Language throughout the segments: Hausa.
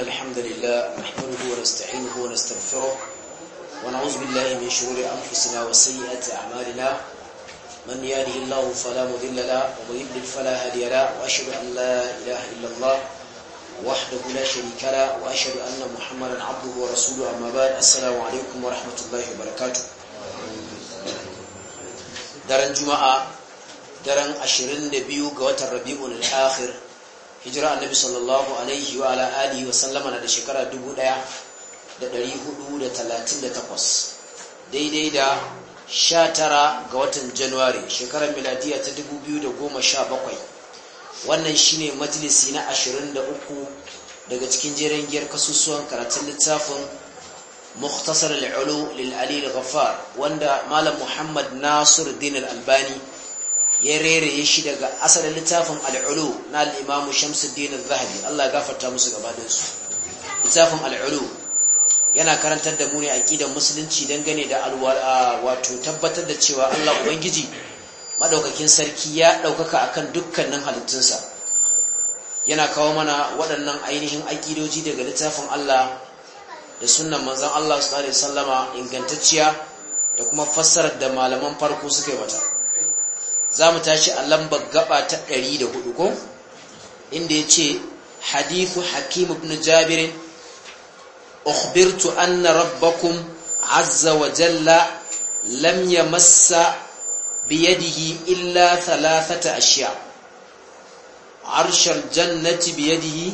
الحمد لله نحمده ونستعينه ونستغفره ونعوذ بالله من شرور أنفسنا وسيئات أعمالنا من يهده الله فلا مضل له ومن يضلل فلا هادي له وأشهد أن لا إله إلا الله وحده لا شريك له وأشهد أن محمدا عبده ورسوله أما بعد السلام عليكم ورحمة الله وبركاته daren juma'a daren 22 ga watan الآخر hijira annabi sallallahu alaihi wa ala alihi wa sallama na da shekara 1438 daidai da 19 ga watan januwari shekarar miladiya ta 2017 wannan shine majalisi na 23 daga cikin jerin giyar kasusuwan karatun littafin مختصر العلو للعلي wanda malam muhammad محمد ناصر الدين الألباني ya rere shi daga asalin littafin al'ulu na al'imamu shamsuddin al-zahabi Allah ya gafarta musu gabadansu. littafin al'ulu yana karantar da muni ne aqidar musulunci dangane da wato tabbatar da cewa Allah ubangiji madaukakin sarki ya daukaka akan dukkanin halittunsa yana kawo mana waɗannan ainihin aƙidoji daga littafin Allah da sunan manzon Allah sallallahu alaihi wasallama ingantacciya da kuma fassarar da malaman farko suka yi mata za mu tashi a lambar gaba ta 104 ko inda ya ce hadithu hakim ibn jabirin ukhbirtu anna rabbakum azza wa jalla lam yamassa biyadihi illa thalathata ashiya arshal jannati biyadihi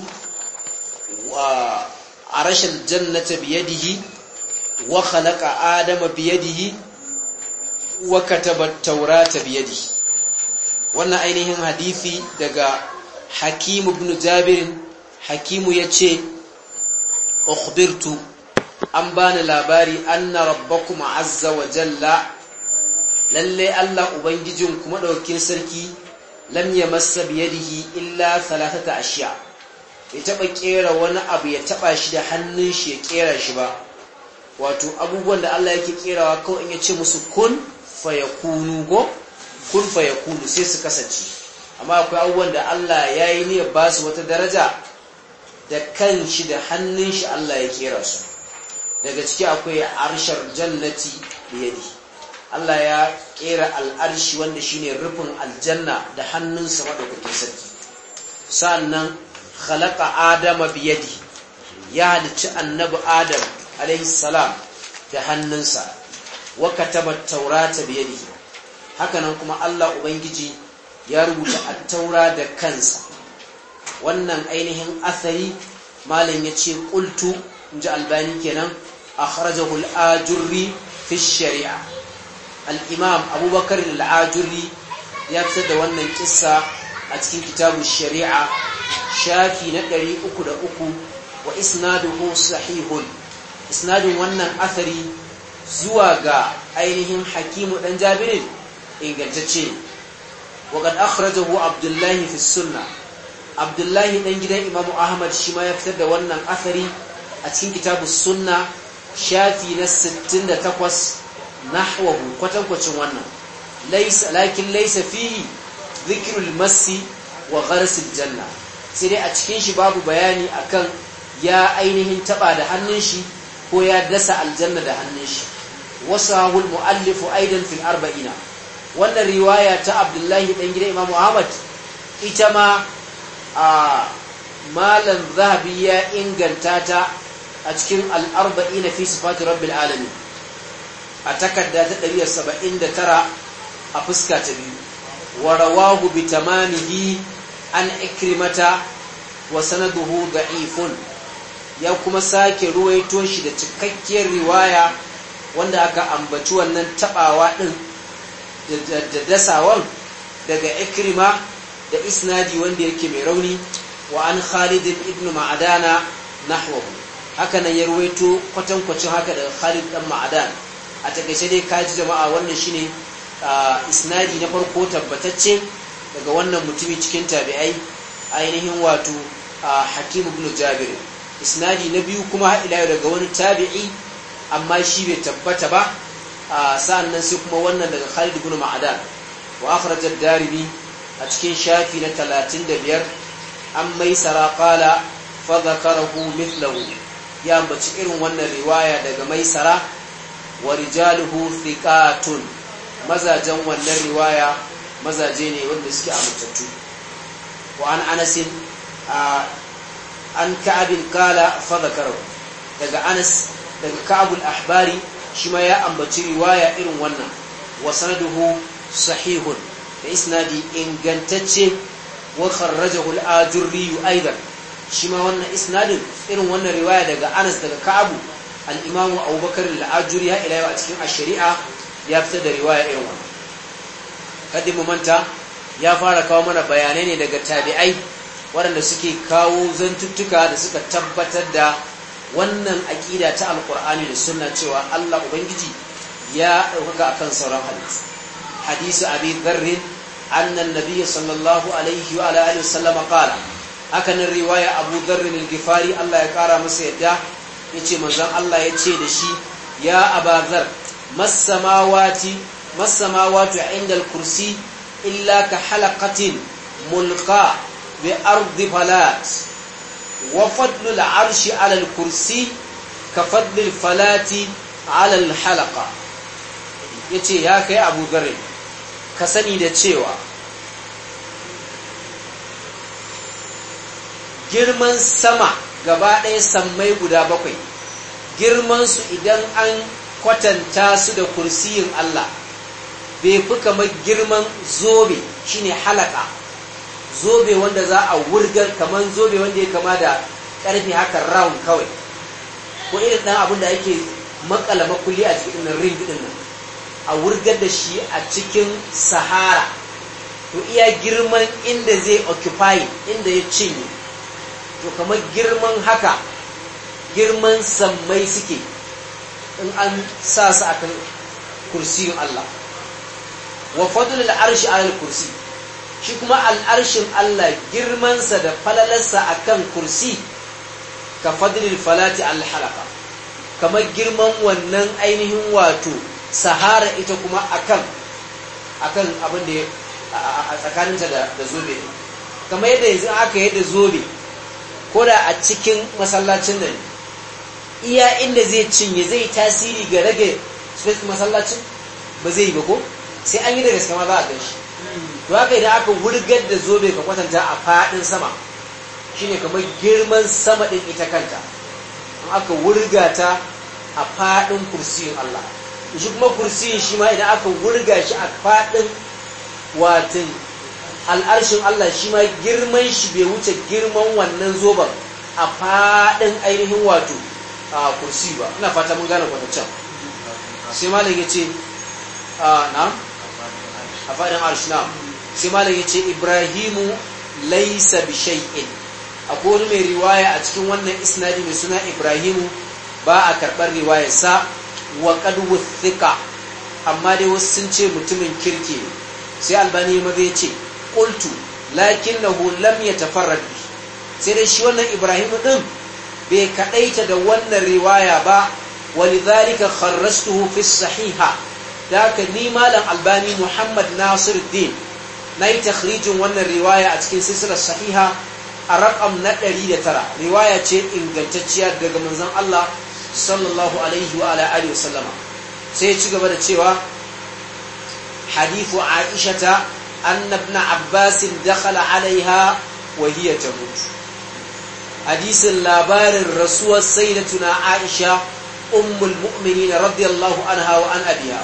wa arshal jannati biyadihi wa khalaqa adama biyadihi wa kataba at-taurata biyadihi wannan ainihin hadisi daga hakimu ibn jabirin hakimu ya ce an bani labari anna rabbakum azza wa jalla lalle Allah ubangijin kuma daukin sarki lam yamassa biyadihi illa thalathata ashiya ya taba kera wani abu ya taba shi da hannun shi ya kera shi ba wato abubuwan da Allah yake kerawa kawai in ya ce musu kun fayakunu go kun fa kulu sai su kasance amma akwai abubuwan da Allah ya yi niyyar ba su wata daraja da kan shi da hannun shi Allah ya kera su daga ciki akwai arshar jannati da yadi Allah ya kera al'arshi wanda shi ne rufin aljanna da hannunsa kuke sarki sannan khalaqa adama bi yadi ya halicci annabi adam alaihi salam da hannunsa wa kataba taurata bi yadihi hakanan kuma Allah ubangiji ya rubuta attaura da kansa wannan ainihin athari malam ya ce qultu inji albani kenan akhrajahu al-ajurri fi shari'a al-imam abubakar al ya fitar da wannan kissa a cikin kitabu shari'a shafi na 303 wa isnaduhu sahihun isnadin wannan athari zuwa ga ainihin hakimu ɗan jabirin ingantacce wa qad akhrajahu abdullahi fi sunna. abdullahi dan gidan imamu ahmad shi ma ya fitar da wannan athari a cikin kitabu sunna shafi na 68 nahwahu kwatankwacin wannan laysa lakin laysa fihi dhikrul masi wa gharsil janna sai dai a cikin shi babu bayani akan ya ainihin taba da hannun shi ko ya dasa aljanna da hannun shi wasahul muallifu aidan fil arba'ina wannan riwaya ta abdullahi ɗan gida imam ahmad ita ma a malam zahabi ya inganta ta a cikin al'arba'i na fi sifati rabbil alami, a takarda ta 179 a fuska ta biyu wa rawahu bi tamamihi an ikrimata wa sanaduhu da'ifun ya kuma sake ruwaito shi da cikakkiyar riwaya wanda aka ambaci wannan tabawa din da dasawan daga ikrima da isnadi wanda yake mai rauni wa an khalid ibn ma'adana nahwahu haka nan ya ruwaito kwatankwacin haka daga khalid dan ma'adan a takaice dai kaji jama'a wannan shine isnadi na farko tabbatacce daga wannan mutumi cikin tabi'ai ainihin wato hakim ibn jabir isnadi na biyu kuma ila daga wani tabi'i amma shi bai tabbata ba sa'annan sai kuma wannan daga Khalid ibn Ma'adan wa akhraj ad-Darimi a cikin shafi na 35 an mai qala fa dhakarahu mithlahu ya ambaci irin wannan riwaya daga mai sara wa rijaluhu thiqatun mazajen wannan riwaya mazaje ne wanda suke amintattu wa an Anas an Ka'ab qala fa dhakarahu daga Anas daga Ka'ab al-Ahbari shi ma ya ambaci riwaya irin wannan wa sanaduhu sahihun da isnadi ingantacce wa kharrajahu al-ajurri aidan shi ma wannan isnadin irin wannan riwaya daga Anas daga Ka'abu al-Imam Abubakar al-Ajuri ya ila a cikin ash-shari'a ya fitar da riwaya irin wannan kadin mu manta ya fara kawo mana bayanai ne daga tabi'ai waɗanda suke kawo zantuttuka da suka tabbatar da wannan aƙida ta alƙur'ani da sunna cewa Allah ubangiji ya ɗaukaka akan sauran hadisi hadisi abi dharrin anna an-nabiy sallallahu alaihi wa alihi wasallam qala haka nan riwaya abu dharrin al Allah ya kara masa yadda yace manzon Allah ya ce da shi ya abazar masamawati masamawati inda al-kursi illa ka halaqatin mulqa bi ardi falat wa fadlul arshi ala kursi ka fadlil falati ala halaka yace ya kai Abu gare ka sani da cewa girman sama gaba ɗaya sammai guda bakwai girman su idan an kwatanta su da kursiyin Allah bai fi kamar girman zobe shine halaka zobe wanda za a wurgar kamar zobe wanda ya kama da karfi haka round kawai ko irin dan abin da ake makala makulli a cikin nan ring din nan a wurgar da shi a cikin sahara to iya girman inda zai occupy inda ya cinye to kamar girman haka girman sammai suke in an sa su akan kursiyin Allah wa fadlul arshi alal kursi shi kuma al'arshin Allah girmansa da falalarsa a kan kursi ka fadilin falati alhalaka kamar girman wannan ainihin wato sahara ita kuma a kan abin da a tsakaninta da zobe kamar yadda yanzu aka yadda zobe ko da a cikin masallacin nan iya inda zai cinye zai tasiri ga rage space masallacin ba zai yi ba ko sai an yi da gaske ma za a ganshi. to haka idan aka wurgar da zobe ka kwatanta a faɗin sama shine kamar girman sama ɗin ita kanta an aka wurga ta a faɗin kursiyin Allah shi kuma kursiyin shi ma idan aka wurga shi a faɗin watin al'arshin Allah shi ma girman shi bai wuce girman wannan zoben a faɗin ainihin wato a kursi ba ina fata mun gane kwatancen sai malam ya ce ah, na a fadin arshina sai malam yace ibrahimu laisa bi shay'in akwai wani mai riwaya a cikin wannan isnadi mai suna ibrahimu ba a karɓar riwayarsa wa qad wuthika amma dai wasu sun ce mutumin kirki ne sai albani maza ya ce qultu lakinnahu lam yatafarrad bi sai dai shi wannan ibrahimu din bai kadaita da wannan riwaya ba walidhalika kharrajtuhu fi sahiha da ni malam albani muhammad nasir din na yi takhrijin wannan riwaya a cikin silsilar sahiha a raƙam na 109 riwaya ce ingantacciya daga manzon Allah sallallahu alaihi wa ala wa wasallama sai ya ci gaba da cewa hadithu aishata anna ibn abbasin dakhala alaiha wa hiya tamut hadisin labarin rasuwar sayyidatuna aisha ummul mu'minin radiyallahu anha wa an abiya.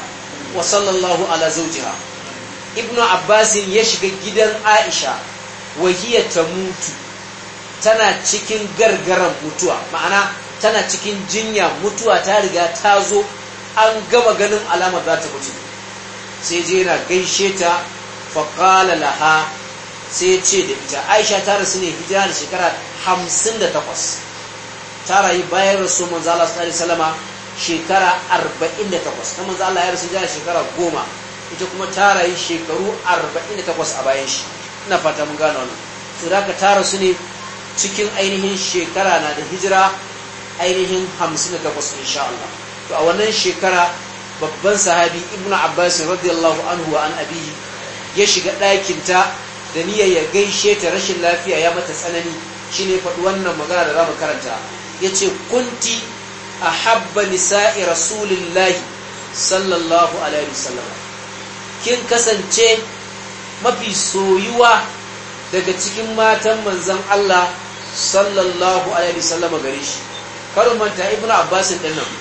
wa sallallahu ala zawjiha ibnu abbasin ya shiga gidan aisha wahiya ta mutu tana cikin gargaran mutuwa ma'ana tana cikin jinya mutuwa ta riga ta zo an gama ganin alamar za ta mutu sai je yana gaishe ta faƙala laha sai ce da ita aisha ta rasu ne hijira da shekara 58 ta rayu bayan rasu manzala sallallahu alaihi shekara arba'in da takwas na manzo Allah ya rasu jihar shekara goma ita kuma ta rayu shekaru takwas a bayan shi ina fata mun gano wannan to da ka tara su ne cikin ainihin shekara na da hijira ainihin hamsin 58 insha Allah to a wannan shekara babban sahabi ibnu abbas radiyallahu anhu wa an abihi ya shiga ɗakin ta da niyya ya gaishe ta rashin lafiya ya mata tsanani shine faɗi wannan magana da za mu karanta ya ce kunti a ahabba nisa'i rasulillahi sallallahu alaihi wasallam kin kasance mafi soyuwa daga cikin matan manzan Allah sallallahu alaihi wasallam gare shi karin manta ibnu abbas din nan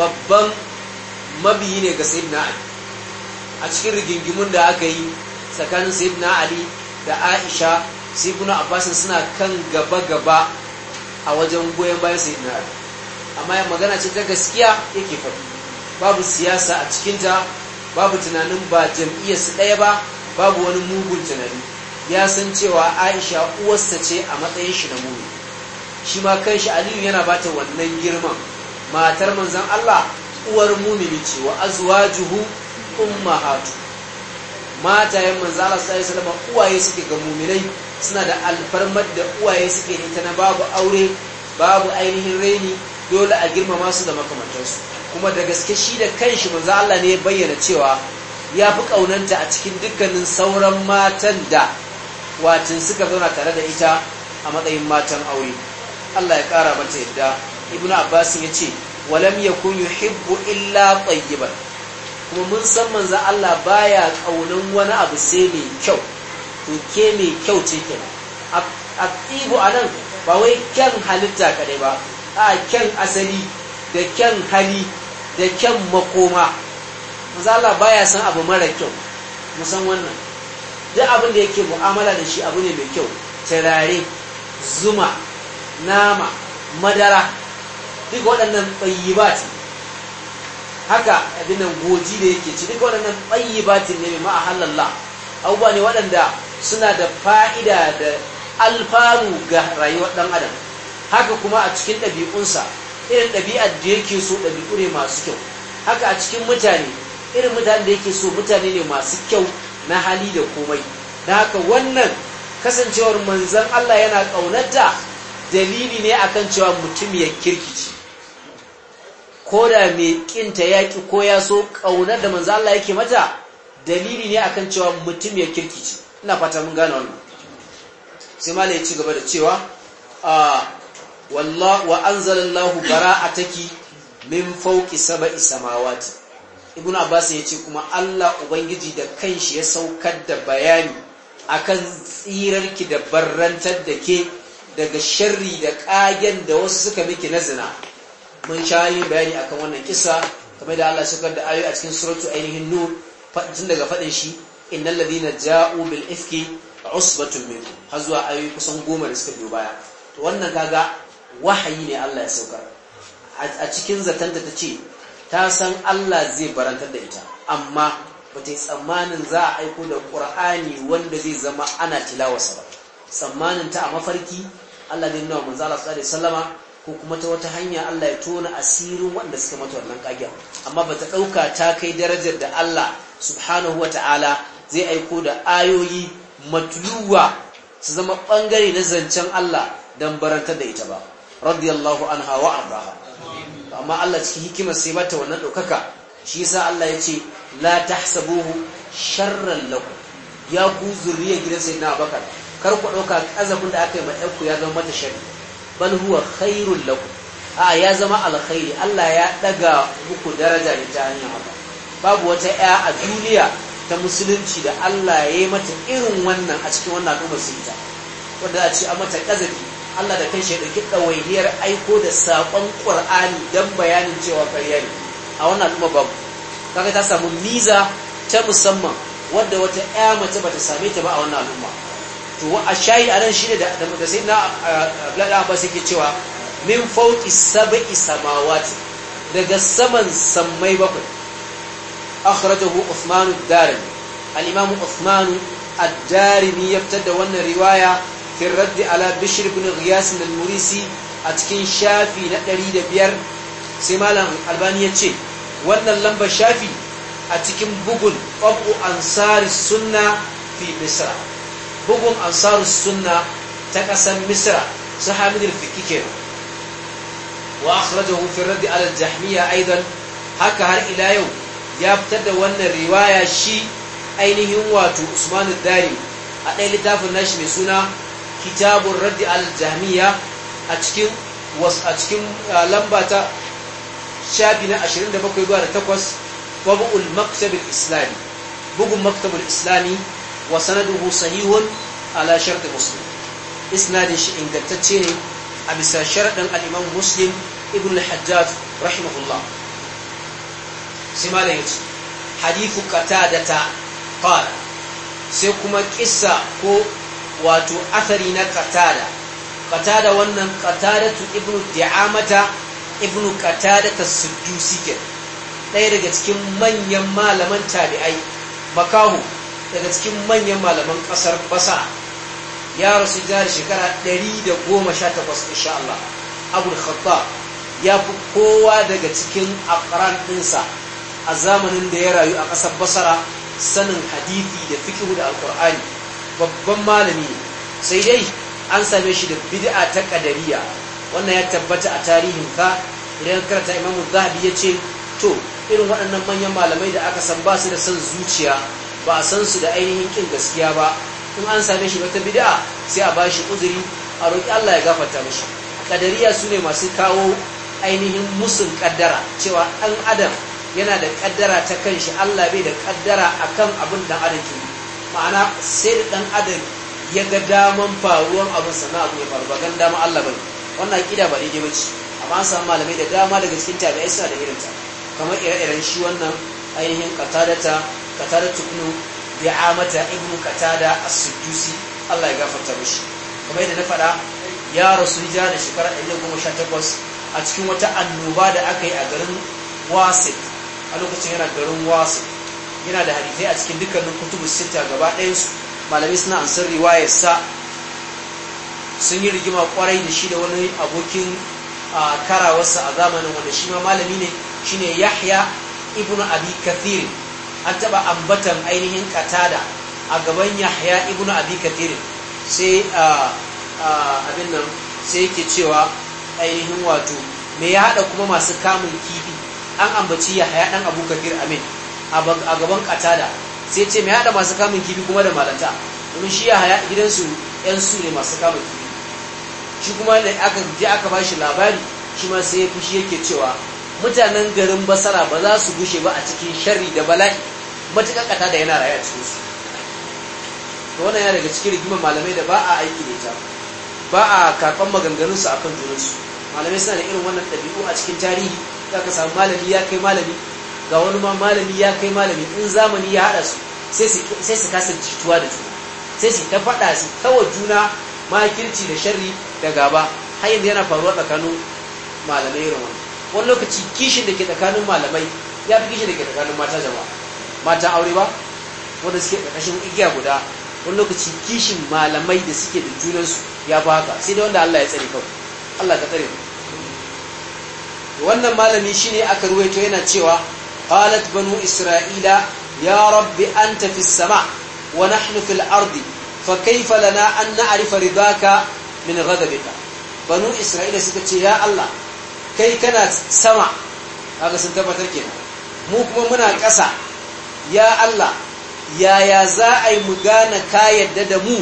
babban mabiyi ne ga sayyidina ali a cikin rigingimun da aka yi tsakanin sayyidina ali da aisha sai ibnu abbas suna kan gaba gaba a wajen goyen bayan sayyidina ali amma magana ce ta gaskiya yake faɗi babu siyasa a cikinta babu tunanin ba jam'iyyar su ɗaya ba babu wani mugun tunani ya san cewa aisha uwarsa ce a matsayin shi na muni shi ma kanshi aliyu yana bata wannan girman matar manzan allah uwar mumini ce wa azwajuhu ummahatu matayen manzo Allah sai su uwaye suke ga muminai suna da alfarmar da uwaye suke da ta na babu aure babu ainihin raini dole a girmama su da makamantarsu kuma da gaske shi da kanshi manzo Allah ne ya bayyana cewa ya fi kaunanta a cikin dukkanin sauran matan da watin suka zauna tare da ita a matsayin matan aure Allah ya kara mata yadda ibnu abbas ya ce walam yakun yuhibbu illa tayyiban kuma mun san manzo Allah baya kaunan wani abu sai mai kyau to ke mai kyau ce kenan a anan ba wai kyan halitta kadai ba a kyan asali da kyan hali da kyan makoma manzo Allah baya san abu mara kyau musan wannan duk abin da yake mu'amala da shi abu ne mai kyau tarare zuma nama madara duk waɗannan tsayibat haka abin nan goji da yake ci duk waɗannan tsayibatin ne mai ma'ahallallah abubuwa ne waɗanda suna da fa'ida da alfanu ga rayuwar ɗan adam haka kuma a cikin ɗabi'unsa irin ɗabi'ar da yake so ɗabi'u ne masu kyau haka a cikin mutane irin mutane da yake so mutane ne masu kyau na hali da komai da haka wannan kasancewar manzan Allah yana ƙaunarta dalili ne akan cewa mutum ya kirkici ko da mai ƙinta ya ƙi ko ya so ƙaunar da manzan Allah yake mata dalili ne akan cewa mutum ya kirkici ina fata mun gane wannan sai malai ci gaba da cewa ah, wallah wa anzalallahu bara'ataki min fawqi sab'i samawati ibnu abbas yace kuma Allah ubangiji da kanshi ya saukar da bayani akan tsirarki da barrantar da ke daga sharri da kagen da wasu suka miki na zina mun shayi bayani akan wannan kisa kamar da Allah saukar da ayoyi a cikin suratu ainihin nur tun daga fadin shi innal ladina ja'u bil ifki usbatun minkum har zuwa ayoyi kusan goma da suka biyo baya to wannan kaga wahayi ne Allah ya sauka. a cikin zatanta ta ce ta san Allah zai barantar da ita amma ba ta yi tsammanin za a aiko da ƙur'ani wanda zai zama ana tilawarsa ba tsammanin ta a mafarki Allah zai nuna wa Allah sallallahu ko kuma ta wata hanya Allah ya tona asirin waɗanda suka mata wannan ƙagen amma ba ta ɗauka ta kai darajar da Allah subhanahu wa ta'ala zai aiko da ayoyi matluwa su zama ɓangare na zancen Allah don barantar da ita ba radiyallahu anha wa ardaha amma Allah cikin hikimar sai mata wannan ɗaukaka shi yasa Allah ya ce la tahsabuhu sharran lakum ya ku zuriyar gidan sayyidina Abubakar kar ku ɗauka azabun da aka yi ma ku ya zama mata sharri bal huwa khairul lakum a ya zama alkhairi Allah ya daga muku daraja ne ta hanyar haka babu wata ya a duniya ta musulunci da Allah ya yi mata irin wannan a cikin wannan al'ummar sun wanda a ce a mata kazafi Allah da kanshi ya ɗauki ɗawainiyar aiko da saƙon ƙur'ani don bayanin cewa ƙarya a wannan al'umma babu kaga ta samu miza ta musamman wadda wata ƴa mace bata same ta ba a wannan al'umma to a shayi a nan shi ne da da sai na ba sai ke cewa min fawqi sab'i samawati daga saman samai bakwai akhrajahu Uthman ad-Darimi al-Imam Uthman ad-Darimi ya da wannan riwaya fi raddi ala bishir ibn ghiyas al-murisi a cikin shafi na 105 sai malam albani ya ce wannan lambar shafi a cikin bugun abu ansari sunna fi misra bugun ansari sunna ta ƙasar misra su hamidul fiki kenan wa akhrajahu fi raddi ala al-jahmiya aidan haka har ila yau ya fitar da wannan riwaya shi ainihin wato usman dari a ɗaya littafin nashi mai suna kitabun raddi al-jami'a a cikin a cikin uh, lamba ta shafi na 27 zuwa da 8 babu'ul maktab islami bugun maktab al-islami wa sanaduhu sahihun ala shart muslim isnadin shi ingantacce ne a bisa sharadin al-imam muslim ibn al-hajjaj rahimahullah sai malam yace da ta fara sai kuma kisa ko wato asari na katada katada wannan katadatu ibnu di'amata ibnu katadata suddusi ke ɗaya daga cikin manyan malaman tabi'ai makahu daga cikin manyan malaman ƙasar basa ya rasu jihar shekara 118 insha Allah abul khattab ya fi kowa daga cikin akran ɗinsa a zamanin da ya rayu a ƙasar basara sanin hadithi da fikihu da alƙur'ani babban malami sai dai an same shi da bid'a ta kadariya wannan ya tabbata a tarihin ka idan karanta imamu zahabi ya ce to irin waɗannan manyan malamai da aka san ba su da son zuciya ba a san su da ainihin kin gaskiya ba in an same shi wata bid'a sai a bashi uzuri a roƙi Allah ya gafarta mishi kadariya su ne masu kawo ainihin musun kaddara cewa ɗan adam yana da kaddara ta kanshi Allah bai da kaddara akan abin da adam ke yi ma'ana sai da dan adam ya ga daman faruwan abin sana abu ya faru ba gan dama Allah bane wannan kida ba daidai bace amma an malamai da dama daga cikin tabi'ai suna da irinta kamar ire-iren shi wannan ainihin qatadata qatadatu bi amata ibnu katada as-suddusi Allah ya gafarta mishi kamar yadda na faɗa ya rasu hijira da shekara sha takwas a cikin wata annoba da aka yi a garin wasit a lokacin yana garin wasit yana da hadisai a cikin dukkanin kutubus sita gaba su malamai suna san riwayar sa sun yi rigima kwarai da shi da wani abokin karawarsa a zamanin wanda shi ma malami ne shine yahya ibnu abi kathir an taba ambatan ainihin katada a gaban yahya ibnu abi kathir sai abin nan sai yake cewa ainihin wato me ya hada kuma masu kamun kifi an ambaci yahya ɗan abu kathir amin a gaban katada sai ce mai hada masu kamun kifi kuma da malanta domin shi ya gidansu yan su ne masu kamun kifi shi kuma da aka je aka ba shi labari shi ma sai ya fushi yake cewa mutanen garin basara ba za su gushe ba a cikin sharri da bala'i kata da yana raye a cikinsu to wannan ya daga cikin rigimar malamai da ba a aiki da ita ba a karɓar maganganunsu akan junansu malamai suna da irin wannan ɗabi'u a cikin tarihi za ka samu malami ya kai malami ga wani ma malami ya kai malami in zamani ya haɗa su sai su kasa jituwa da juna sai su ta faɗa su kawo juna makirci da sharri da gaba har yanzu yana faruwa tsakanin malamai irin wani wani lokaci kishin da ke tsakanin malamai ya fi kishin da ke tsakanin mata jama'a mata aure ba wanda suke ƙarƙashin igiya guda wani lokaci kishin malamai da suke da junansu ya fi haka sai dai wanda Allah ya tsare kawai Allah ka tsare mu wannan malami shine aka ruwaito yana cewa qalat banu isra'ila ya rabbi anta fis sama wa nahnu fil ardi fa kayfa lana an na'rifa ridaka min ghadabika banu isra'ila suka ce ya Allah kai kana sama kaga sun tabbatar kenan mu kuma muna ƙasa ya Allah yaya za a yi mu gane ka yadda da mu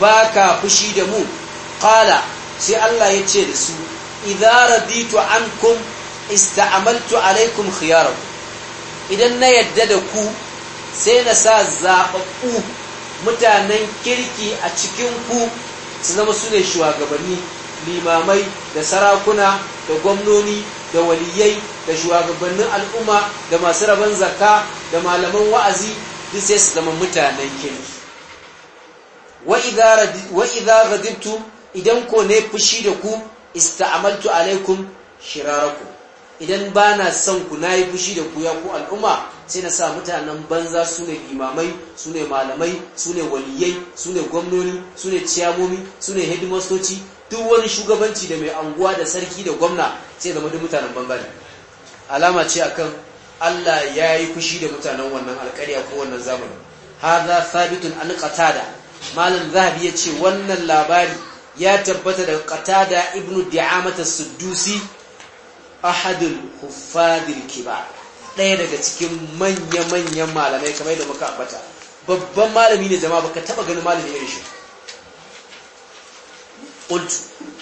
baka fushi da mu kala sai Allah ya ce da su idza raditu ankum ista'amaltu alaikum khiyarakum idan na yadda da ku sai na sa zaɓaɓɓu mutanen kirki a cikin ku su zama su ne shugabanni limamai da sarakuna da gwamnoni da waliyai da shugabannin al'umma da masu rabon zakka da malaman wa'azi duk sai su zama mutanen kirki wa idza idan ko ne fushi da ku ista'amaltu alaikum shirarakum idan ba na son ku na yi fushi da ku ya ku al'umma sai na sa mutanen banza su ne imamai su ne malamai su ne waliyai su ne gwamnoni su ne ciyamomi su ne hidimastoci duk wani shugabanci da mai anguwa da sarki da gwamna sai zama duk mutanen banza ne alama ce akan Allah ya yi fushi da mutanen wannan alƙarya ko wannan zamani za sabitun an qatada malam zahabi ya ce wannan labari ya tabbata daga qatada ibnu di'amata as ahadul huffadil kiba ɗaya daga cikin manya-manyan malamai kamar da muka ambata babban malami ne ba baka taba ganin malami irin shi qult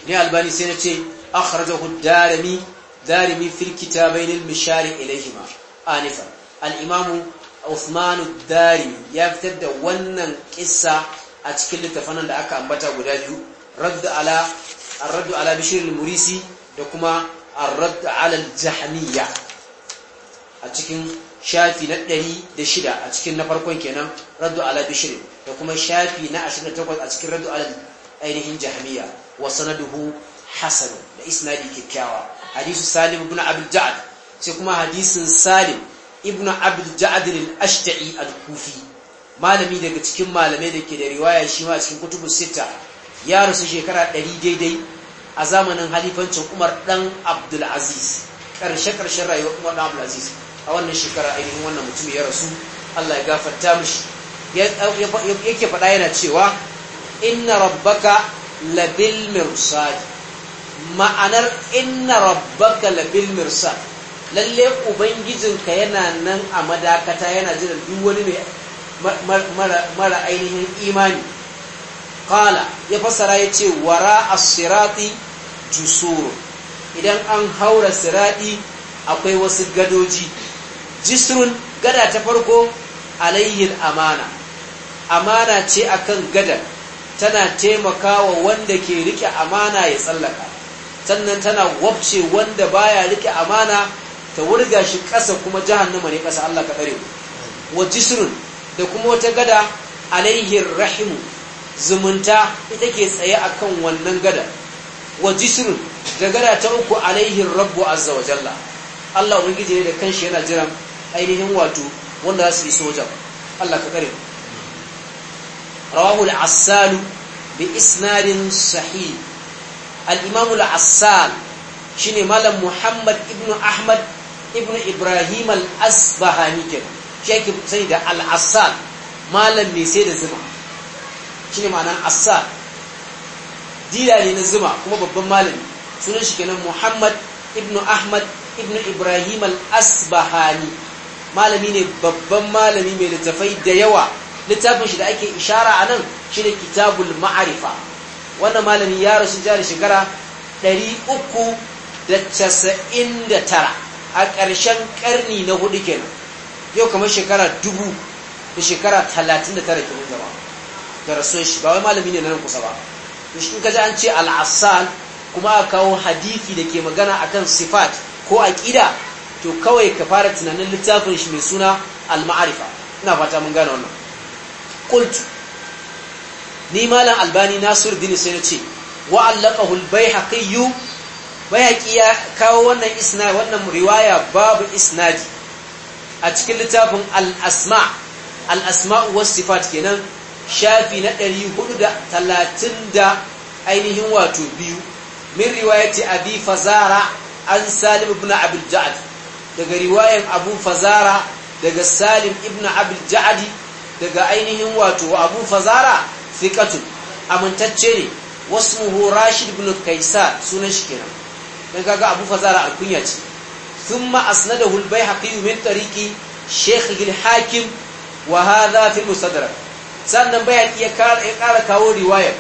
ne albani sai ce akhrajahu darimi darimi fil kitabain al mishari ilayhima anifa al imam usmanu ad ya fitar da wannan kissa a cikin littafin da aka ambata guda biyu raddu ala bishirin radd murisi da kuma الرد على الجهمية أتكن شافي ندري دشدة أتكن نفرقون كنا رد على بشر وكما شافي نعشر نتوقف أتكن رد على أينهن جهمية وسنده حسن لإسنادي ككاوة حديث سالم بن عبد الجعد سيكما حديث سالم ابن عبد الجعد الأشتعي الكوفي malami daga cikin malamai da ke da riwaya shi ma cikin kutubu sita ya rasu shekara 100 daidai a zamanin halifancin umar dan abdulaziz ƙarshe-ƙarshen rayuwar umar dan abdulaziz a wannan shekara ainihin wannan mutum ya rasu allah ya gafarta mishi yake faɗa yana cewa inna rabbaka labil mirsad ma'anar inna rabbaka labil mirsad lalle ubangijinka yana nan a madakata yana jiran duk wani mai mara ainihin imani kala ya fasara ya ce wara asirati jusuru idan an haura siradi akwai wasu gadoji jisrun gada ta farko alayyin amana amana ce akan gada tana taimakawa wanda ke rike amana ya tsallaka sannan tana wabce wanda baya rike amana ta wurga shi ƙasa kuma jahannama ne ƙasa Allah ka ɗare wa jisrun da kuma wata gada alaihin rahimu zumunta ita ke tsaye akan wannan gada wa jisrun gagara ta uku alaihi rabbu azza wa jalla Allah ubangiji ne da kanshi yana jiran ainihin wato wanda za su iso wajen Allah ka kare rawahu al-assal bi isnadin sahih al-imam al-assal shine malam Muhammad ibn Ahmad ibn Ibrahim al-Asbahani kenan shi da al-assal malam ne sai da zuma shine ma'anar assal dila ne na zuma kuma babban malami sunan shi kenan muhammad ibnu ahmad ibnu ibrahim al-asbahani malami ne babban malami mai littafai da yawa littafin shi da ake ishara a nan shi ne kitabul ma'arifa wannan malami ya rasu jari shekara 399 a ƙarshen ƙarni na hudu kenan yau kamar shekara dubu da shekara 39 kenan gaba da rasuwan shi ba wai malami ne na nan kusa ba to shi kaji an ce al kuma a kawo hadisi da ke magana akan sifat ko aqida to kawai ka fara tunanin littafin shi mai suna al-ma'arifa ina fata mun gane wannan qultu ni malam albani nasiruddin sai na ce wa allaqahu al-baihaqi bayhaqi ya kawo wannan wannan riwaya babu isnadi a cikin littafin al-asma al-asma was sifat kenan shafi na 430 da ainihin wato biyu min riwayati abi fazara an salim ibn abul ja'ad daga riwayan abu fazara daga salim ibn abul ja'ad daga ainihin wato abu fazara thiqatu amintacce ne wasmuhu rashid ibn kaisar sunan shi kenan dan kaga abu fazara alkunya ce thumma asnadahu al min tariqi shaykh al-hakim wa hadha fi al-mustadrak sannan bayaki ya kara kawo riwayar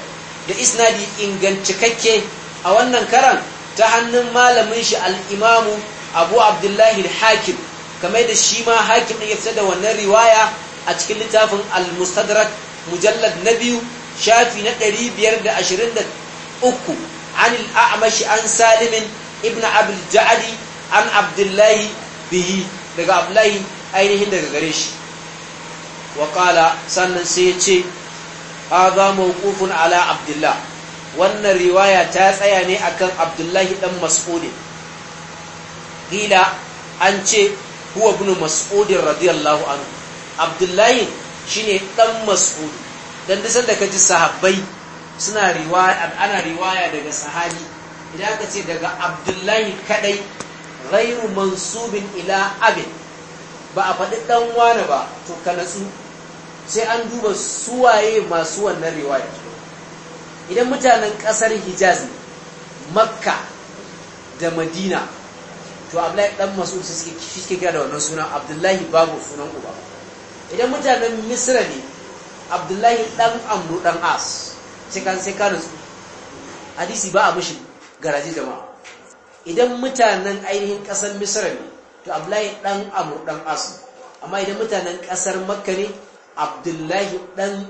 da isnadi ingancikakke a wannan karan ta hannun malamin shi al'imamu abu abdullahi hakim kamar da shi ma hakim ɗin ya fita da wannan riwaya a cikin littafin al-mustadrak mujallad na biyu shafi na biyar da 523 an al'amashi an salimin ibn an abdullahi bihi daga abdullahi ainihin daga gare shi wa sannan sai ya ce hadha mawqufun ala abdullah wannan riwaya ta tsaya ne akan abdullahi dan mas'ud Hila an ce huwa ibn mas'ud radiyallahu anhu abdullahi shine dan mas'ud dan da sanda kaji sahabbai ana riwaya daga sahabi idan aka ce daga abdullahi kadai ghairu mansubin ila abin ba a faɗi ɗan wane ba to ka natsu sai an duba suwaye masu wannan riwaya idan mutanen kasar hijaz makka da madina to abdullahi dan masu suke suke kira da wannan sunan abdullahi babu sunan uba idan mutanen misra ne abdullahi dan amru dan as sai kan sai kan hadisi ba a mushi garaji jama'a idan mutanen ainihin kasar misra ne to abdullahi dan amru dan as amma idan mutanen kasar makka ne abdullahi dan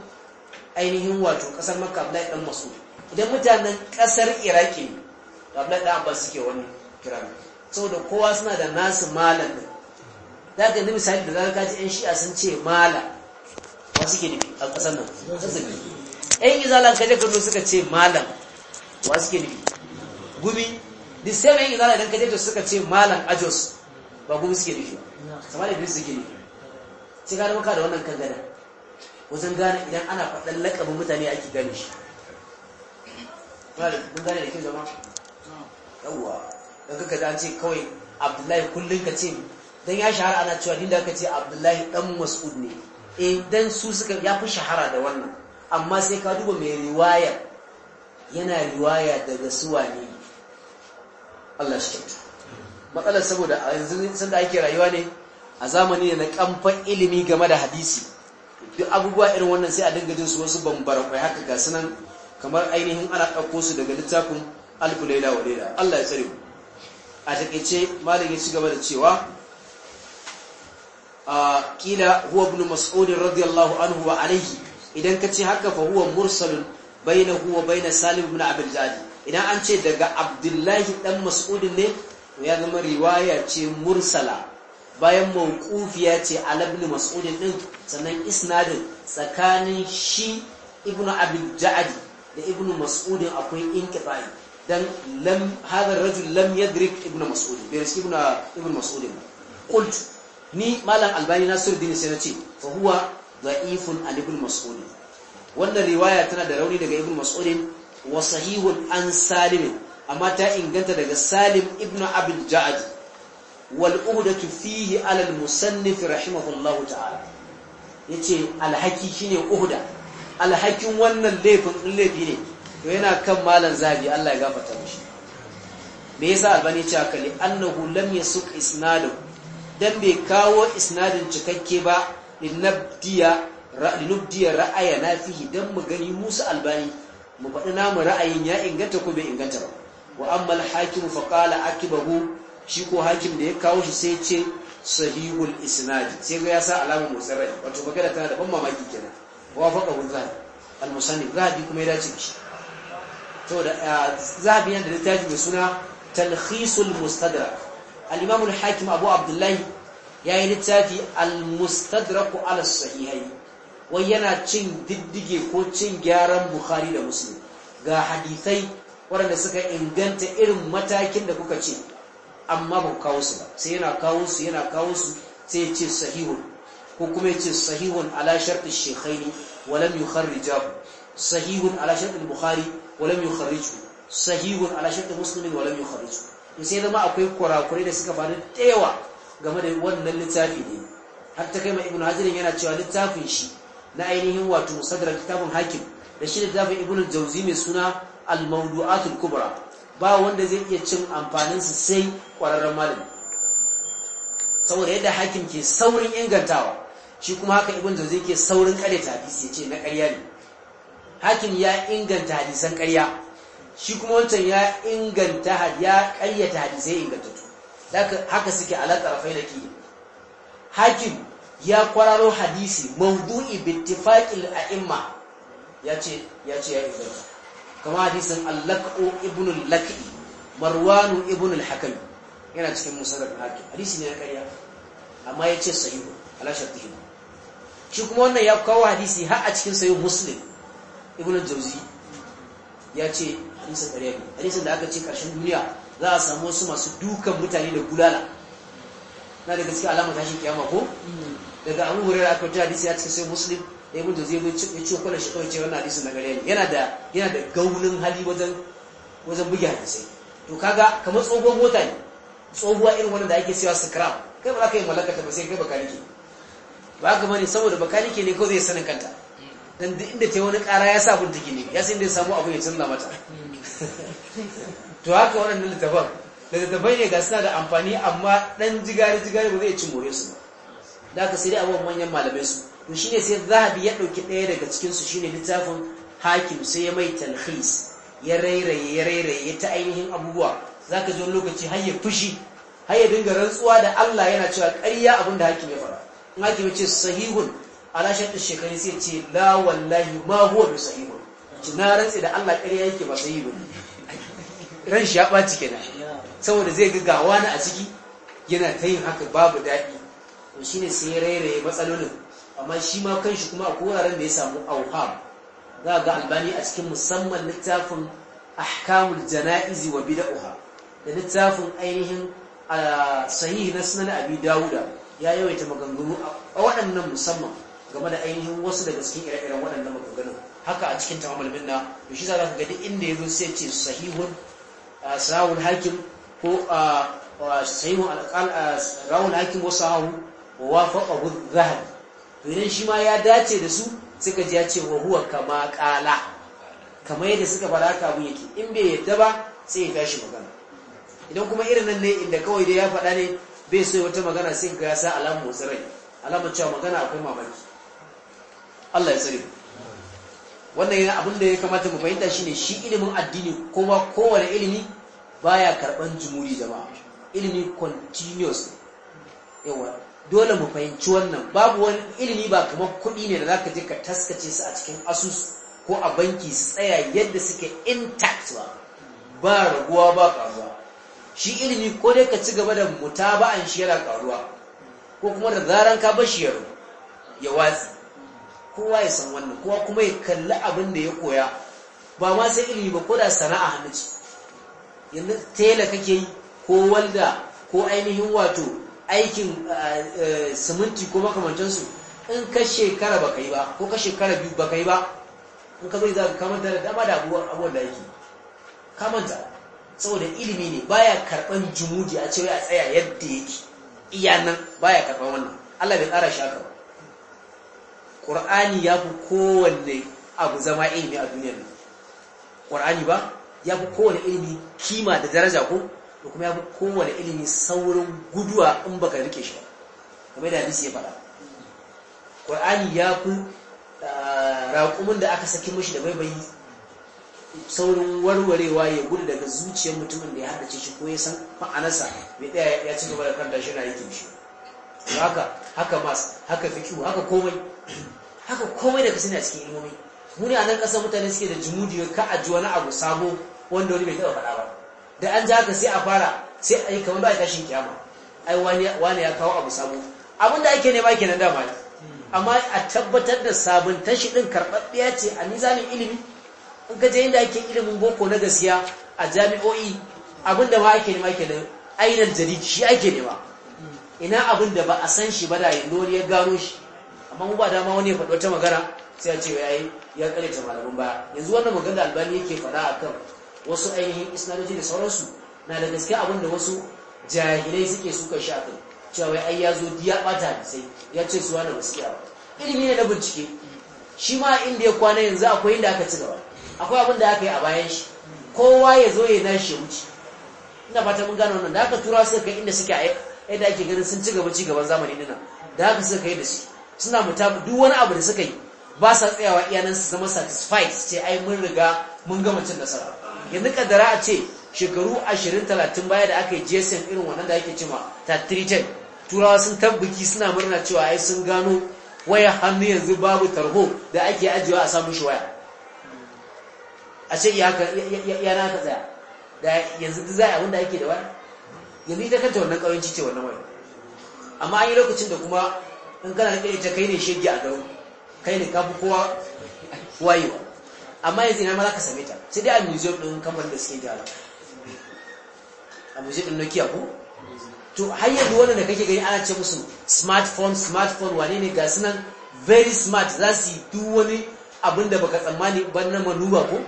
ainihin wato kasar makka abdullahi dan masu idan mutanen kasar iraki abdullahi dan abbas suke kiran kirami saboda kowa suna da nasu malam ne za ka misali da za zaka kaji yan shi'a sun ce mala wasu ke nufi a kasar nan zazzabi yan izalan kaje kano suka ce malam wasu ke nufi gumi di same yan izalan idan kaje to suka ce malam ajos ba gumi suke nufi Sama samari biyu suke nufi sai ka da wannan kan gada wajen gane idan ana faɗin laƙabin mutane ake gane shi kun gane da ke zama yawwa don kaka da an ce kawai abdullahi kullum ka ce don ya shahara ana cewa din da aka ce abdullahi dan mas'ud ne eh dan su suka ya shahara da wannan amma sai ka duba mai riwaya yana riwaya daga suwa ne Allah shi kyautu matsalar saboda a yanzu sun da ake rayuwa ne a zamani na kamfan ilimi game da hadisi duk abubuwa irin wannan sai a dinga jin su wasu bambara kwai haka ga sunan kamar ainihin ana ɗauko su daga littafin alfu laila wa laila Allah ya tsare mu a takaice malam ya ci gaba da cewa a kila huwa ibn mas'ud radiyallahu anhu wa alayhi idan ce haka fa huwa mursalun bainahu wa bain salim ibn abdul jadi idan an ce daga abdullahi dan mas'ud ne ya zama riwaya ce mursala bayan mawqufiya ce ala ibn mas'ud din sannan isnadin tsakanin shi ibn abi ja'ad da ibn Mas'udin akwai inqita'i dan lam hadha ar-rajul lam yadrik ibn mas'ud bi ibn Mas'udin mas'ud Kultu ni malam albani na nasiruddin sai na ce fa huwa da'ifun an ibn Mas'udin. wannan riwaya tana da rauni daga ibn Mas'udin wa sahihun an salimin. amma ta inganta daga salim ibn abi ja'ad wal uhdatu tufihi ala al musannif rahimahullahu ta'ala yace alhaki shine uhda alhakin wannan laifin in laifi ne to yana kan malan zabi Allah ya gafarta mashi. me yasa albani ce haka li annahu lam yasuq isnadu dan bai kawo isnadin cikakke ba linabdiya linabdiya ra'aya na fihi dan mu gani Musa albani mu faɗi namu ra'ayin ya inganta ko bai inganta ba wa amma al-hakim fa qala akibahu shi ko hakim da ya kawo shi sai ce sahihul isnad sai ga ya sa alamar motsin rai wato magana tana da ban mamaki kenan wa faqa wuzan al-musannif zabi kuma ya dace shi to da zabi yana da littafi mai suna talkhisul mustadrak al-imam al-hakim abu abdullahi yayi littafi al-mustadrak ala sahihai wai yana cin diddige ko cin gyaran bukhari da muslim ga hadisai waɗanda suka inganta irin matakin da kuka ce amma ba kawo su ba sai yana kawo su yana kawo su sai ya ce sahihun ko kuma ya ce sahihun ala shartin shekhaini walam yukharrijahu sahihun ala shartin bukhari walam yukharriju sahihun ala shartin muslimin walam yukharriju sai zama akwai kurakurai da suka faru da yawa game da wannan littafi ne har ta kai ma ibnu hajar yana cewa littafin shi na ainihin wato sadar kitabun hakim da shi littafin ibnu jauzi mai suna al-mawdu'atul kubra ba wanda zai iya cin amfaninsu sai ƙwararren malami saboda yadda hakim ke saurin ingantawa shi kuma haka ibn zai ke saurin ta hadisi ya ce na karya ne hakim ya inganta hadisan karya shi kuma wancan ya inganta ya karyata hadisai ingantattu haka suke alaƙa fai da ke hakim ya kwararo hadisi mawdu'i bittifaqil a'imma ya ce ya inganta kama hadisin al ibn al-laqi marwan ibn al-hakam yana cikin musnad al-hakim hadisi ne na ƙarya amma yace sahihu ala shartihi shi kuma wannan ya kawo hadisi har a cikin sahihu muslim ibn al-jawzi yace hadisin ƙarya ne hadisin da aka ce ƙarshen duniya za a samu wasu masu duka mutane da gulala na da gaske alama tashin kiyama ko mm. daga abu hurairar akwai hadisi ya cikin sahihu muslim da ibn juzayy ya ci kula shi kawai ce wannan hadisin na gare yana da yana da gaunin hali wajen wajen buge hadisai to kaga kamar tsohuwar mota ne tsohuwa irin wani da ake cewa scrap kai ba za ka yi mallaka ta ba sai kai bakanike ba ka bane saboda bakanike ne ko zai sanin kanta dan duk inda ta wani ƙara ya sa bintiki ne ya san da ya samu abu ya canza mata to haka waɗannan littafan littafan ne ga suna da amfani amma ɗan jigari jigari ba zai cin more su ba da aka sai dai abubuwan manyan malamai su to shine sai zahabi ya ɗauki ɗaya daga cikinsu shine littafin hakim sai ya mai talhis ya rairaye ya rairaye ya ta ainihin abubuwa za ka zo lokaci har ya fushi har ya dinga rantsuwa da Allah yana cewa ƙarya abin da hakim ya fara in hakim ya ce sahihun ala shaɗin shekaru sai ce la wallahi ma huwa bi sahihun ci na rantsi da Allah ƙarya yake ba sahihu ran shi ya ɓaci kenan saboda zai ga gawa na a ciki yana ta yin haka babu daɗi to shine sai ya rairaye matsalolin amma shi ma kanshi kuma a wuraren da ya samu auham za ga albani a cikin musamman littafin ahkamul jana'izi wa bid'ah da littafin ainihin sahih na sunan abi dauda ya yawaita maganganu a waɗannan musamman game da ainihin wasu daga cikin ire-iren waɗannan maganganu haka a cikin tamamul minna to shi za ka ga duk inda yazo sai ce sahihun sahihul hakim ko sahihun alqal rawul hakim wa wa wafaqahu to idan shi ma ya dace da su suka ji ya ce wa huwa kama kala kamar yadda suka fara haka abin yake in bai yadda ba sai ya tashi magana idan kuma irin nan ne inda kawai dai ya faɗa ne bai so wata magana sai ga ya sa alamun motsi rai alamun cewa magana akwai mamaki Allah ya tsare wannan yana abin da ya kamata mu fahimta shine shi ilimin addini kuma kowane ilimi baya karban jumuri jama'a ilimi continuous yawa dole mu fahimci wannan babu wani ilimi ba kamar kuɗi ne da za ka je ka taskace su a cikin asus ko a banki su tsaya yadda suke intact ba ba raguwa ba ƙaruwa shi ilimi ko dai ka ci gaba da an shi yana ƙaruwa, ko kuma da zaran ka bashi ya ya watsi kowa ya san wannan kowa kuma ya kalli abin da ya koya ba ma sai ilimi ba ko da sana'a hannu ce yanzu tela kake yi ko walda ko ainihin wato aikin eh, eh, siminti ko makamantansu in ka shekara ba yi ba ko ka shekara biyu ba yi ba in ka zai za ka kamanta da dama da abubuwan da yake kamanta saboda ilimi ne baya karban jumudi a cewa a tsaya yadda yake iya nan baya karban wannan Allah bai tsara shaka ba Qur'ani ya fi kowanne abu zama ilimi a duniyar nan Qur'ani ba ya fi kowanne ilimi kima da daraja ko to kuma ya fi kowane ilimi saurin guduwa in baka rike shi kamar da hadisi ya faɗa ƙur'ani ya fi ah, raƙumin da aka saki mashi da baibayi saurin warwarewa ya gudu daga zuciyar mutumin da ya ce shi ko ya san ma'anarsa mai ɗaya ya ci gaba da kan shi na yake shi haka haka mas haka fikihu haka komai haka komai da kasance cikin ilimomi mu ne a nan ƙasar mutane suke da jumudiyar ka na abu sabo wanda wani bai taɓa faɗa ba da an ja ka sai a fara sai a yi kamar da a tashin kyama ai wani ya kawo abu sabo abin da ake nema kenan dama ne amma a tabbatar da sabon tashi din karɓaɓɓiya ce a nizamin ilimi in ka je inda ake ilimin boko na gaskiya a jami'o'i abin da ma ake nema nan ainihin jarid shi ake nema ina abin da ba a san shi ba da yin wani ya gano shi amma mu ba dama wani ya faɗi wata magana sai a ce ya yi ya ta malamin baya yanzu wannan magana albani yake faɗa kan. wasu ainihin isnadoji da sauransu na da gaske abin da wasu jahilai suke suka shi akai cewa wai ai ya zo diya bata sai ya ce su wani gaskiya ba ilimi ne na bincike shi ma inda ya kwana yanzu akwai inda aka ci gaba akwai abin da aka yi a bayan shi kowa ya zo ya nashi ya wuce ina fata mun gano wannan da aka tura su kai inda suke a da ake ganin sun ci gaba ci gaban zamani dina da haka suka kai da su suna mutum duk wani abu da suka yi ba sa tsayawa iyanansu su zama satisfied su ce ai mun riga mun gama cin nasara yanzu kaddara a ce shekaru 20-30 baya da aka yi jason irin wannan da ake cima tattiritan turawa sun tabbaki suna murna cewa ai sun gano waya hannu yanzu babu tarho da ake ajiyewa a samun shi waya a ce yana ka tsaya da yanzu duk za a wanda ake da waya yanzu ita kanta wannan ƙawanci ce wannan waya amma an yi lokacin da kuma in kana da ita kai ne shege a garin kai ne kafi kowa wayewa amma yanzu ina ma za ka same ta sai dai a museum ɗin kamar da suke gyara a museum ɗin nokia ko to har yanzu wannan da kake gani ana ce musu smartphone smartphone wane ne ga sanan very smart za su yi duk wani abin da baka tsammani ban na manuba ko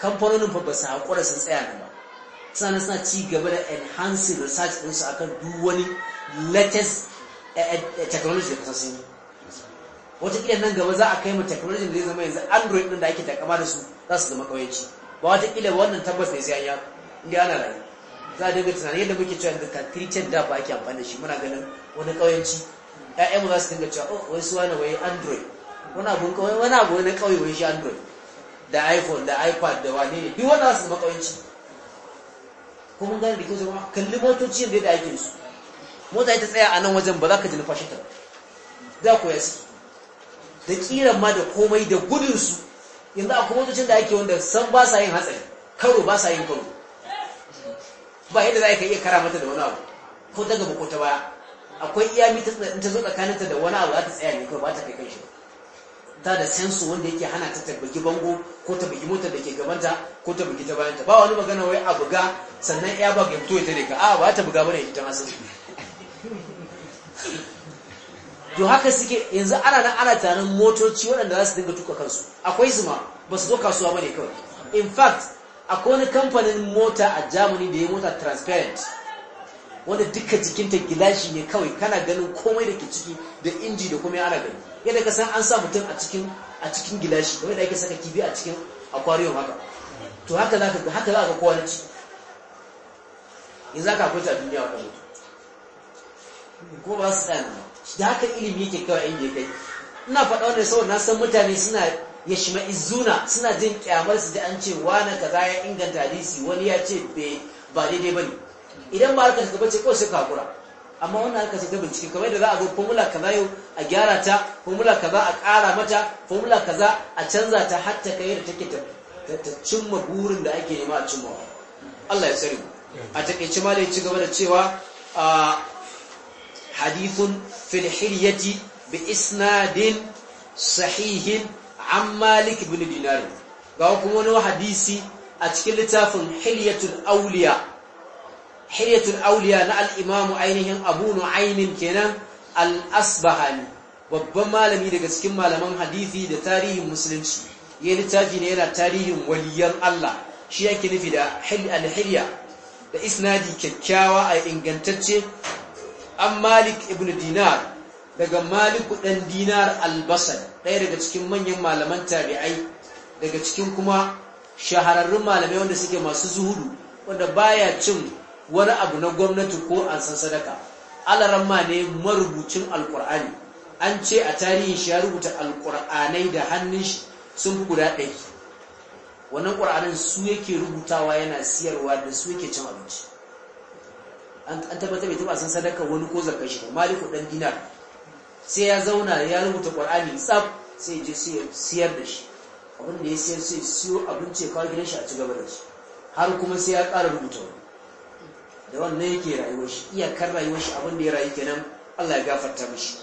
kamfanonin fa ba su haƙura sun tsaya nan ba sannan suna ci gaba da enhancing research ɗinsu akan duk wani latest eh, eh, technology da kasashen yi wataƙila nan gaba za a kai mu technology da zai zama yanzu android ɗin da ake takama da su za su zama ƙauyenci ba wataƙila wannan tabbas ne sai an ya. inda ana rayu za a dinga tunanin yadda muke cewa yanzu kakiricen da ba ake amfani da shi muna ganin wani ƙauyenci mu za su dinga cewa oh wai su wani wai android wani abu wani abu wani ƙauye wai shi android da iphone da ipad da wane ne duk wanda za su zama ƙauyenci kuma gani da kyau zama kalli motoci yadda ake su mota ita tsaya a nan wajen ba za ka ji numfashin ta za ku yasi da kiran ma da komai da gudunsu yanzu akwai motocin da ake wanda san ba sa yin hatsari karo ba sa yin karo ba yadda za ka iya kara mata da wani abu ko ta gaba ko ta baya akwai iya mita in ta zo tsakaninta da wani abu za ta tsaya ne kawai ba ta kai kanshi ta da sensu wanda yake hana ta tabbaki bango ko ta bugi motar da ke gabanta ko ta bugi ta bayanta ba wani magana wai a buga sannan ya ba gamto ta ne ka a ba ta buga bane ita asali to haka suke yanzu ana nan ana tarin motoci waɗanda za su dinga tuka kansu akwai zuma ba su zo kasuwa ba ne kawai in fact akwai wani kamfanin mota a germany da ya mota transparent wanda duka jikinta gilashi ne kawai kana ganin komai da ke ciki da inji da komai ana gani yadda ka san an sa mutum a cikin a cikin gilashi kamar da ake saka kibi a cikin aquarium haka to haka za ka haka za ka kowa ciki yanzu haka akwai ta duniya wata mutum ko ba su da haka ilimi yake kawai inda ya kai ina faɗa ne saboda na san mutane suna ya shima izuna suna jin kyamar su da an ce wani kaza ya inganta hadisi wani ya ce ba daidai ba ne idan ba haka shiga ce kawai sai kakura amma wannan haka shiga bincike kamar da za a zo formula kaza yau a gyara ta formula kaza a ƙara mata formula kaza a canza ta har ta kai da take ta cimma burin da ake nema a cimma Allah ya tsare a takaice ma da ya ci gaba da cewa ah, hadithun fil hilyati bi isnadin sahihin an malik ibn dinar ga kuma wani hadisi a cikin littafin hilyatul auliya hilyatul na al-imam ainihin abu nu'aymin kenan al-asbahani babban malami daga cikin malaman hadisi da tarihin musulunci ya littafi ne yana tarihin waliyan Allah shi yake nufi da al-hilya da isnadi kyakkyawa a ingantacce an malik ibn dinar daga maliku dan dinar albasar ɗaya daga cikin manyan malaman tabi'ai daga cikin kuma shahararrun malamai wanda suke masu zuhudu wanda baya cin wani abu na gwamnati ko an san sadaka alaramma ne marubucin alkur'ani an ce a tarihin shi ya rubuta alkur'anai da hannun shi sun fi guda ɗaya wannan ƙur'anin su yake rubutawa yana siyarwa da su yake cin abinci an tabbatar bai taba san sadaka wani ko zakar shi maliku dan dinar sai ya zauna ya rubuta qur'ani tsaf sai je sai siyar da shi abin da ya siyar sai siyo abinci ya kawo gidan shi a ci gaba da shi har kuma sai ya ƙara rubuta wani da wannan yake rayuwar shi iyakar rayuwar shi abin da ya rayu kenan Allah ya gafarta mishi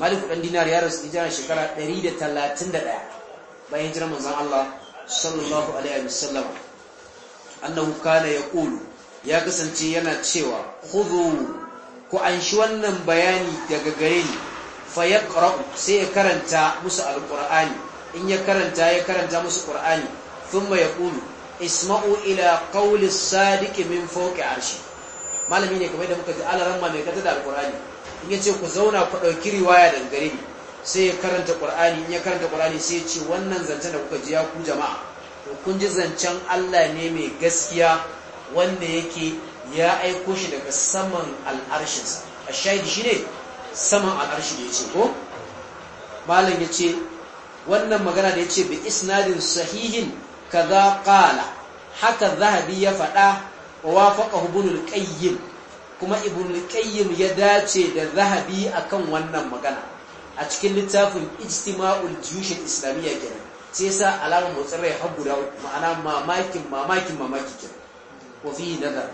maliku dan dinar ya rasu hijira shekara 131 bayan hijirar manzon Allah sallallahu alaihi wasallam annahu kana yaqulu ya kasance yana cewa khudhu ku anshi wannan bayani daga gare ni fa sai ya karanta musu alqur'ani in ya karanta ya karanta musu qur'ani thumma yaqulu isma'u ila qawli as-sadiq min fawqi 'arshi malami ne kamar da muka ji alaramma mai kata da alqur'ani in yace ku zauna ku dauki riwaya daga gare ni sai ya karanta qur'ani in ya karanta qur'ani sai ya ce wannan zancen da kuka ji ya ku jama'a to kun ji zancen Allah ne mai gaskiya wanda yake ya aiko shi daga saman al'arshinsa a shahidi shi ne saman al'arshi da ya ce ko malam ya ce wannan magana da ya ce bi isnadin sahihin za qala haka zahabi ya faɗa wa wafaqa ibnul qayyim kuma ibnul qayyim ya dace da zahabi akan wannan magana a cikin littafin ijtima'ul jushin islamiyya kenan sai sa alamar motsin rai har guda ma'ana mamakin mamakin mamakin. wafi fihi nazar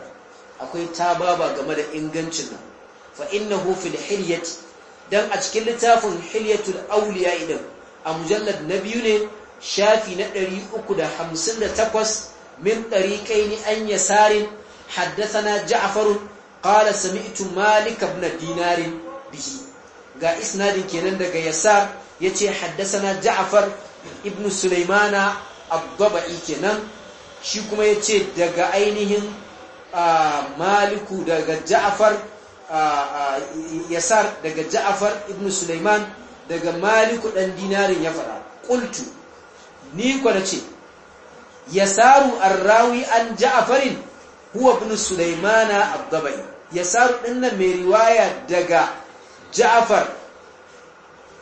akwai tababa game da ingancin nan fa innahu hufin hilyat dan a cikin littafin hilyatul auliya idan a mujallad na biyu ne shafi na 358 min ɗari kai ne an yasarin haddathana ja'far qala sami'tu malik ibn dinarin bihi ga isnadin kenan daga ce yace na ja'far ibn sulaimana ad-dabai kenan shi kuma ya ce daga ainihin maliku daga ja'afar yasar daga ja'afar ibn Sulaiman daga maliku ɗan dinarin ya faɗa Kultu, ni kwana ce yasaru arrawi an ja'afarin huwa ibn Sulaimana abdabai yasaru ɗinnan mai riwaya daga ja'afar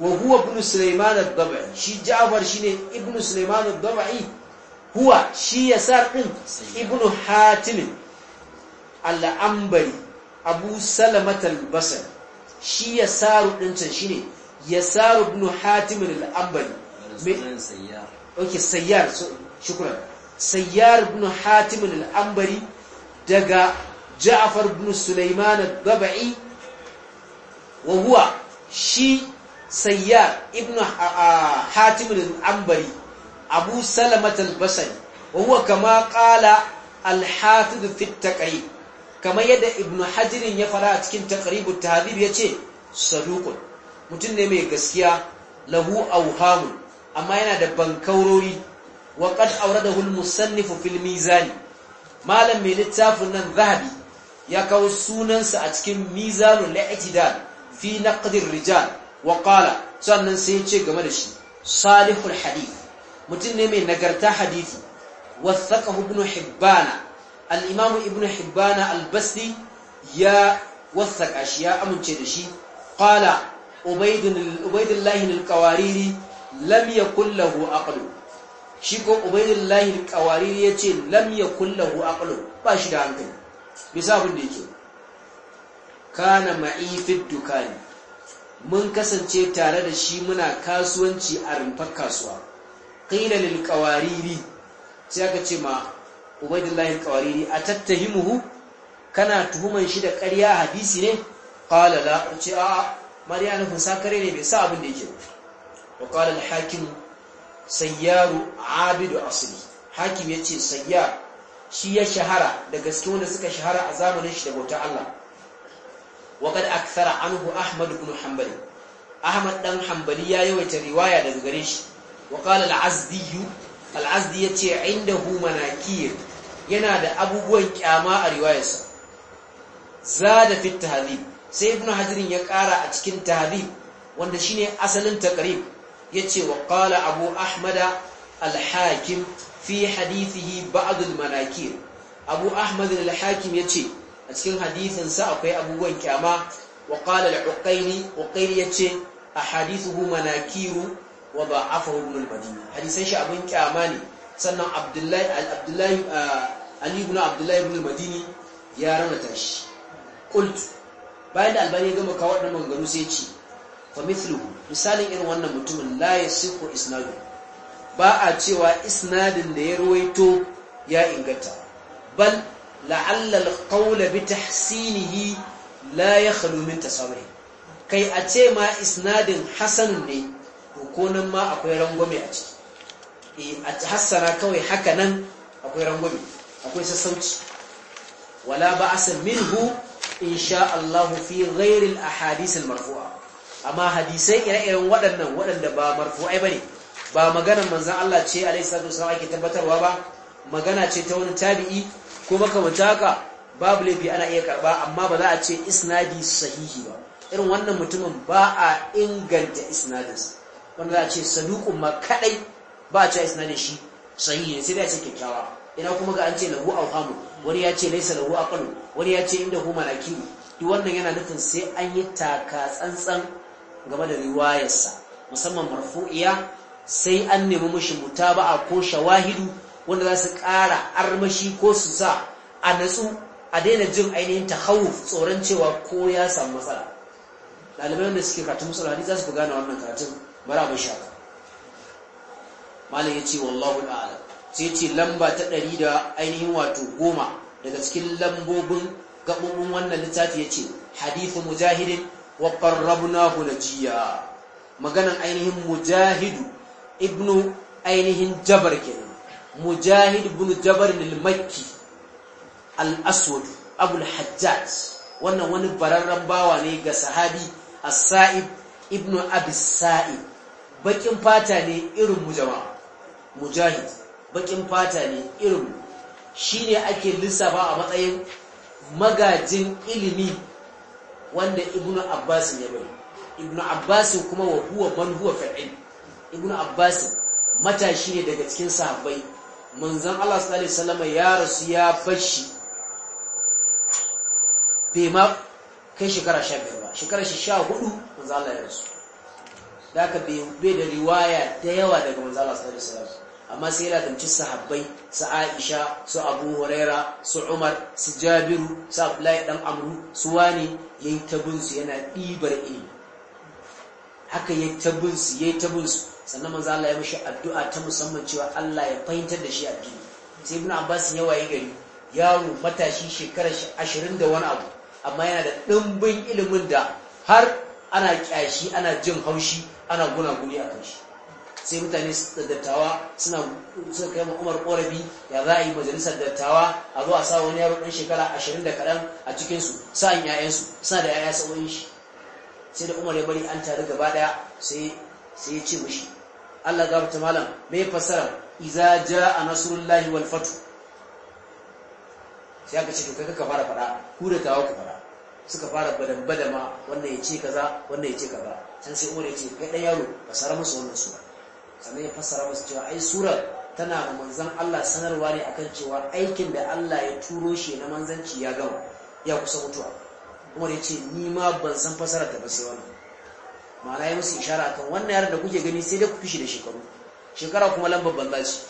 wa huwa ibn abdabai shi ja'afar shi Ja'far shine ibn Sulaiman abdabai huwa shi yasar din ibnu hatim al-ambari abu salamat al-basri shi yasar din can shine yasar ibnu hatim al-ambari okay sayyar shukran sayyar ibnu hatim al-ambari daga ja'far ibn sulaiman al-dabai wa huwa shi sayyar ibnu ah, hatim al-ambari abu salamat al-basari wa kama qala al-hafiz fi at-taqrib kamar yadda ibn hajirin ya fara a cikin taqribut tahdhib yace saduqun mutum ne mai gaskiya lahu awhamu amma yana da bankaurori wa qad awradahu al-musannif fil mizan malam mai littafin nan zahabi ya kawo sunansa a cikin mizanul i'tidal fi naqdir rijal wa qala sannan sai ya ce game da shi salihul hadith mutum ne mai nagarta hadisi wasaka ibn hibbana al-imamu ibn hibbana al ya wasaka shi ya amince da shi ƙwala ubaydullah al-qawariri lamya yakul lahu aqlu shi ko ubaydullah al-qawariri yace lam yakul lahu aqlu ba shi da hankali bisa abin da yake kana ma'i dukani mun kasance tare da shi muna kasuwanci a rumfar kasuwa qila lil qawariri sai aka ce ma ubaidullahi qawariri atattahimuhu kana tuhuman shi da ƙarya hadisi ne qala la ce a mariya nufin sakare ne bai sa abin da yake wa qala al hakim sayyaru abidu asli hakim yace sayya shi ya shahara da gaske wanda suka shahara a zamanin shi da bauta Allah kad akthara anhu ahmad ibn hanbali ahmad dan hanbali ya yawaita riwaya daga gare shi wa qala al-azdi al-azdi yace indahu manakir yana da abubuwan kyama a riwayarsa zada fi sai ibn hajirin ya ƙara a cikin tahdhib wanda shine asalin taqrib yace wa abu ahmada al-hakim fi hadithihi ba'd al-manakir abu ahmad al-hakim yace a cikin hadithin sa akwai abubuwan kyama wa qala al-uqayni uqayni yace ahadithuhu manakiru wa afa ibn al-madini hadisan shi abin kyama ne sannan abdullahi abdullahi ali abdullahi ibn madini ya ranata shi qult bayan da albani ya gama kawo wannan maganganu sai ce fa mithluhu misalin irin wannan mutumin la yasihu isnadu ba a cewa isnadin da ya ruwaito ya inganta bal la'alla al-qawla bi tahsinihi la yakhlu min tasawwur kai a ce ma isnadin hasanun ne ko nan ma akwai rangwame a ciki e a hassana kawai haka nan akwai rangwame akwai sassauci wala ba'asa minhu insha allahu fi ghairi a ahadith marfua amma hadisai ire-iren waɗannan waɗanda ba marfu'ai ne ba maganar manzon Allah ce alaihi salatu wasallam ake tabbatarwa ba magana ce ta wani tabi'i ko makamanta haka babu laifi ana iya karba amma ba za a ce isnadi sahihi ba irin wannan mutumin ba a inganta isnadinsa wanda za a ce saduqun ma kadai ba a cewa da shi sahi ne sai dai ce kyakkyawa ina kuma ga an ce lahu awhamu wani ya ce laysa lahu aqlu wani ya ce inda huma nakiru duk wannan yana nufin sai an yi taka tsantsan game da riwayarsa musamman marfu'iya sai an nemi ba a ko shawahidu wanda za su ƙara armashi ko su sa a natsu a daina jin ainihin ta hau tsoron cewa ko ya samu matsala ɗalibai wanda suke karatun musulmani za su gane wannan karatun bara ba shaka malam yace wallahu ala sai ce lamba ta ɗari da ainihin wato goma daga cikin lambobin gabobin wannan littafi ya yace hadifu mujahidin wa na jiya maganan ainihin mujahidu ibnu ainihin jabar kenan mujahid ibn jabar al al-aswad wannan wani bararren bawa ne ga sahabi as-sa'ib ibnu abi sa'ib bakin fata ne irin mu jama'a mujahid bakin fata ne irin shine ake lissafa a matsayin magajin ilimi wanda ibnu abbas ya bai ibnu abbas kuma wa huwa man huwa fa'il ibnu abbas matashi ne daga cikin sahabbai manzon Allah sallallahu alaihi wasallam ya rasu ya fashi bai ma kai shekara 15 ba shekara 14 manzon Allah ya rasu da aka bai da riwaya ta yawa daga manzala su da amma sai yana tamci sahabbai su Aisha su Abu Huraira su Umar su Jabiru su Abdullahi dan Amru su wani ya yi su yana ɗibar ilimi haka ya yi su ya yi su sannan Manzala ya mashi addu'a ta musamman cewa Allah ya fahimtar da shi addini sai Ibn Abbas ya waye gari yaro matashi shekarar ashirin da wani abu amma yana da ɗimbin ilimin da har ana kyashi ana jin haushi ana gunaguni a kan shi sai mutane da dattawa suna suka kai ma umar korafi ya za a yi majalisar dattawa a zo sa wani yaro ɗan shekara ashirin da kaɗan a cikinsu sa'an 'ya'yansu suna da 'ya'ya sauyin shi sai da umar ya bari an taru gaba ɗaya sai sai ya ce mishi Allah mutum malam me fassara iza jaa nasrullahi wal fath sai aka ce to kai ka fara faɗa, ku da tawo ka fara suka fara badan badama wannan ya ce kaza wannan ya ce kaza can sai umar ya ce kai dan yaro fasara musu wannan sura sannan ya fassara musu cewa ai surar tana da manzon Allah sanarwa ne akan cewa aikin da Allah ya turo shi na manzanci ya gama ya kusa mutuwa umar ya ce ni ma ban san fassara ta ba sai wannan ma'ana ya musu ishara akan wannan yaron da kuke gani sai dai ku fishi da shekaru shekara kuma lambar banza ce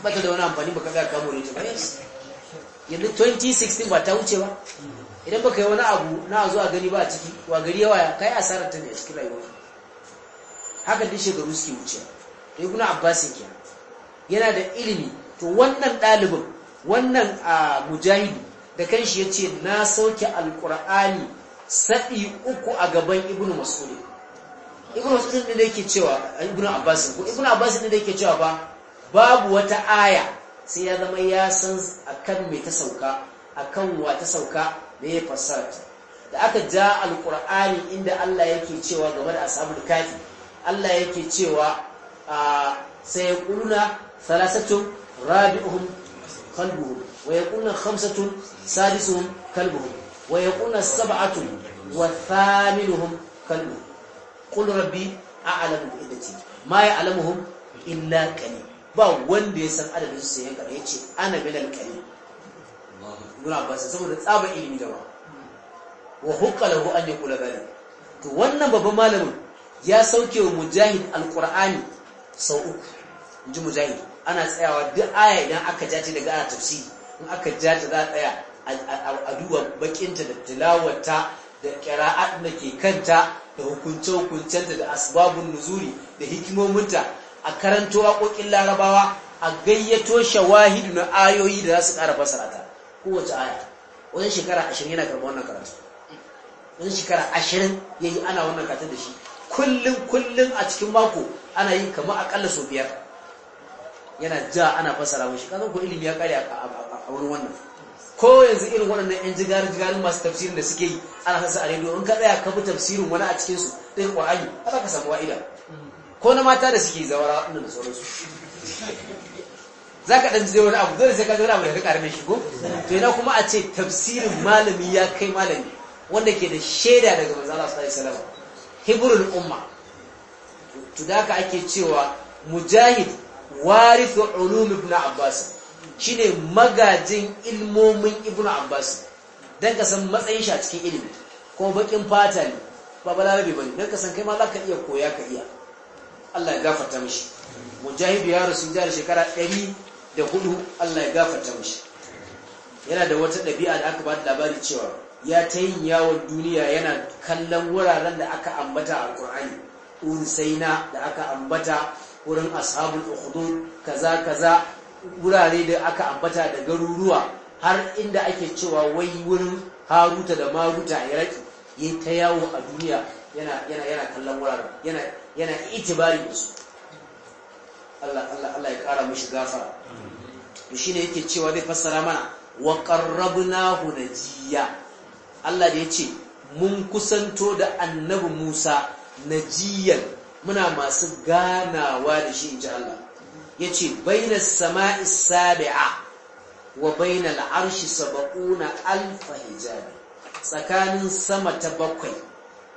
ba ta da wani amfani ba ka ga kamo ne ta yanzu 2016 ba ta wuce ba idan baka yi wani abu na zuwa gani ba a ciki wa gari yawa kai asarar ta ne a cikin rayuwa. haka duk shekaru suke wuce to Ibn Abbas kenan yana da ilimi to wannan dalibin wannan a da kanshi yace na sauke alqur'ani sadi uku a gaban ibnu mas'ud ibnu mas'ud ne da yake cewa ibnu Abbas? ko ibnu Abbas ne da yake cewa ba babu wata aya sai ya zama ya san akan me ta sauka akan wa ta sauka me ya fasad da aka ja alkur'ani inda Allah yake cewa game da ashabul kafi Allah yake cewa sai kuluna salasatun rabi'uhum qalbuhum wa yaquluna khamsatun sadisuhum kalbuhum wa yaquluna sab'atun wa thaminuhum kalbuhum qul rabbi a'lamu bi iddati ma ya'lamuhum illa qalil ba wanda ya san adadin su yanka ce ana bilal qalil ibn zama saboda tsaba ilimi da ba wa hukka lahu an yaqula dhalik to wannan babban malamin ya sauke wa mujahid alqur'ani sau uku inji mujahid ana tsayawa duk aya idan aka jace daga ana tafsiri in aka jace za a tsaya a duba bakinta da tilawarta da qira'at da ke kanta da hukunce-hukuncenta da asbabun nuzuri da hikimominta a karanto waƙoƙin larabawa a gayyato shawahidu na ayoyi da za su ƙara fasarata kowace aya wajen shekara ashirin yana karɓar wannan karatu wajen shekara ashirin ya yi ana wannan katar da shi kullum kullum a cikin mako ana yi kama akalla sau biyar yana ja ana fassara mashi kazan ko ilimi ya kare a wurin wannan ko yanzu irin waɗannan 'yan jigarin-jigarin masu tafsirin da suke yi ana sassa a rediyo in ka tsaya ka bi tafsirin wani a cikinsu ɗin ƙwar'ani a za ka samu wa'ida ko na mata da suke zawara inda da sauransu za ka ɗan je wani abu dole sai ka wani abu da ka mai shigo to yana kuma a ce tafsirin malami ya kai malami wanda ke da shaida daga manzo su sallallahu umma to da ake cewa mujahid wa ulum ibn abbas shine magajin ilmomin ibn abbas dan ka san matsayin shi a cikin ilimi ko bakin fata ne ba balarabe bane dan ka san kai ma za ka iya koya ka iya Allah ya gafarta mishi mujahid ya rasu da shekara 100 da hudu Allah ya gafarta mishi yana da wata ɗabi'a da aka ba da labari cewa ya ta yin yawon duniya yana kallon wuraren da aka ambata a ƙur'ani unsaina da aka ambata wurin ashabul ukhdu, kaza kaza wurare da aka ambata da garuruwa har inda ake cewa wai wurin haruta da maruta ya raki yin ta yawo a duniya yana yana yana kallon wuraren yana yana itibari da su Allah ya kara mishi gafara to ne yake cewa zai fassara mana wa na najiya Allah da ce mun kusanto da annabi Musa najiyan muna masu ganawa da shi in ji Allah yace baina sama'i sabi'a wa baina al'arshi sab'una alf hijabi tsakanin sama ta bakwai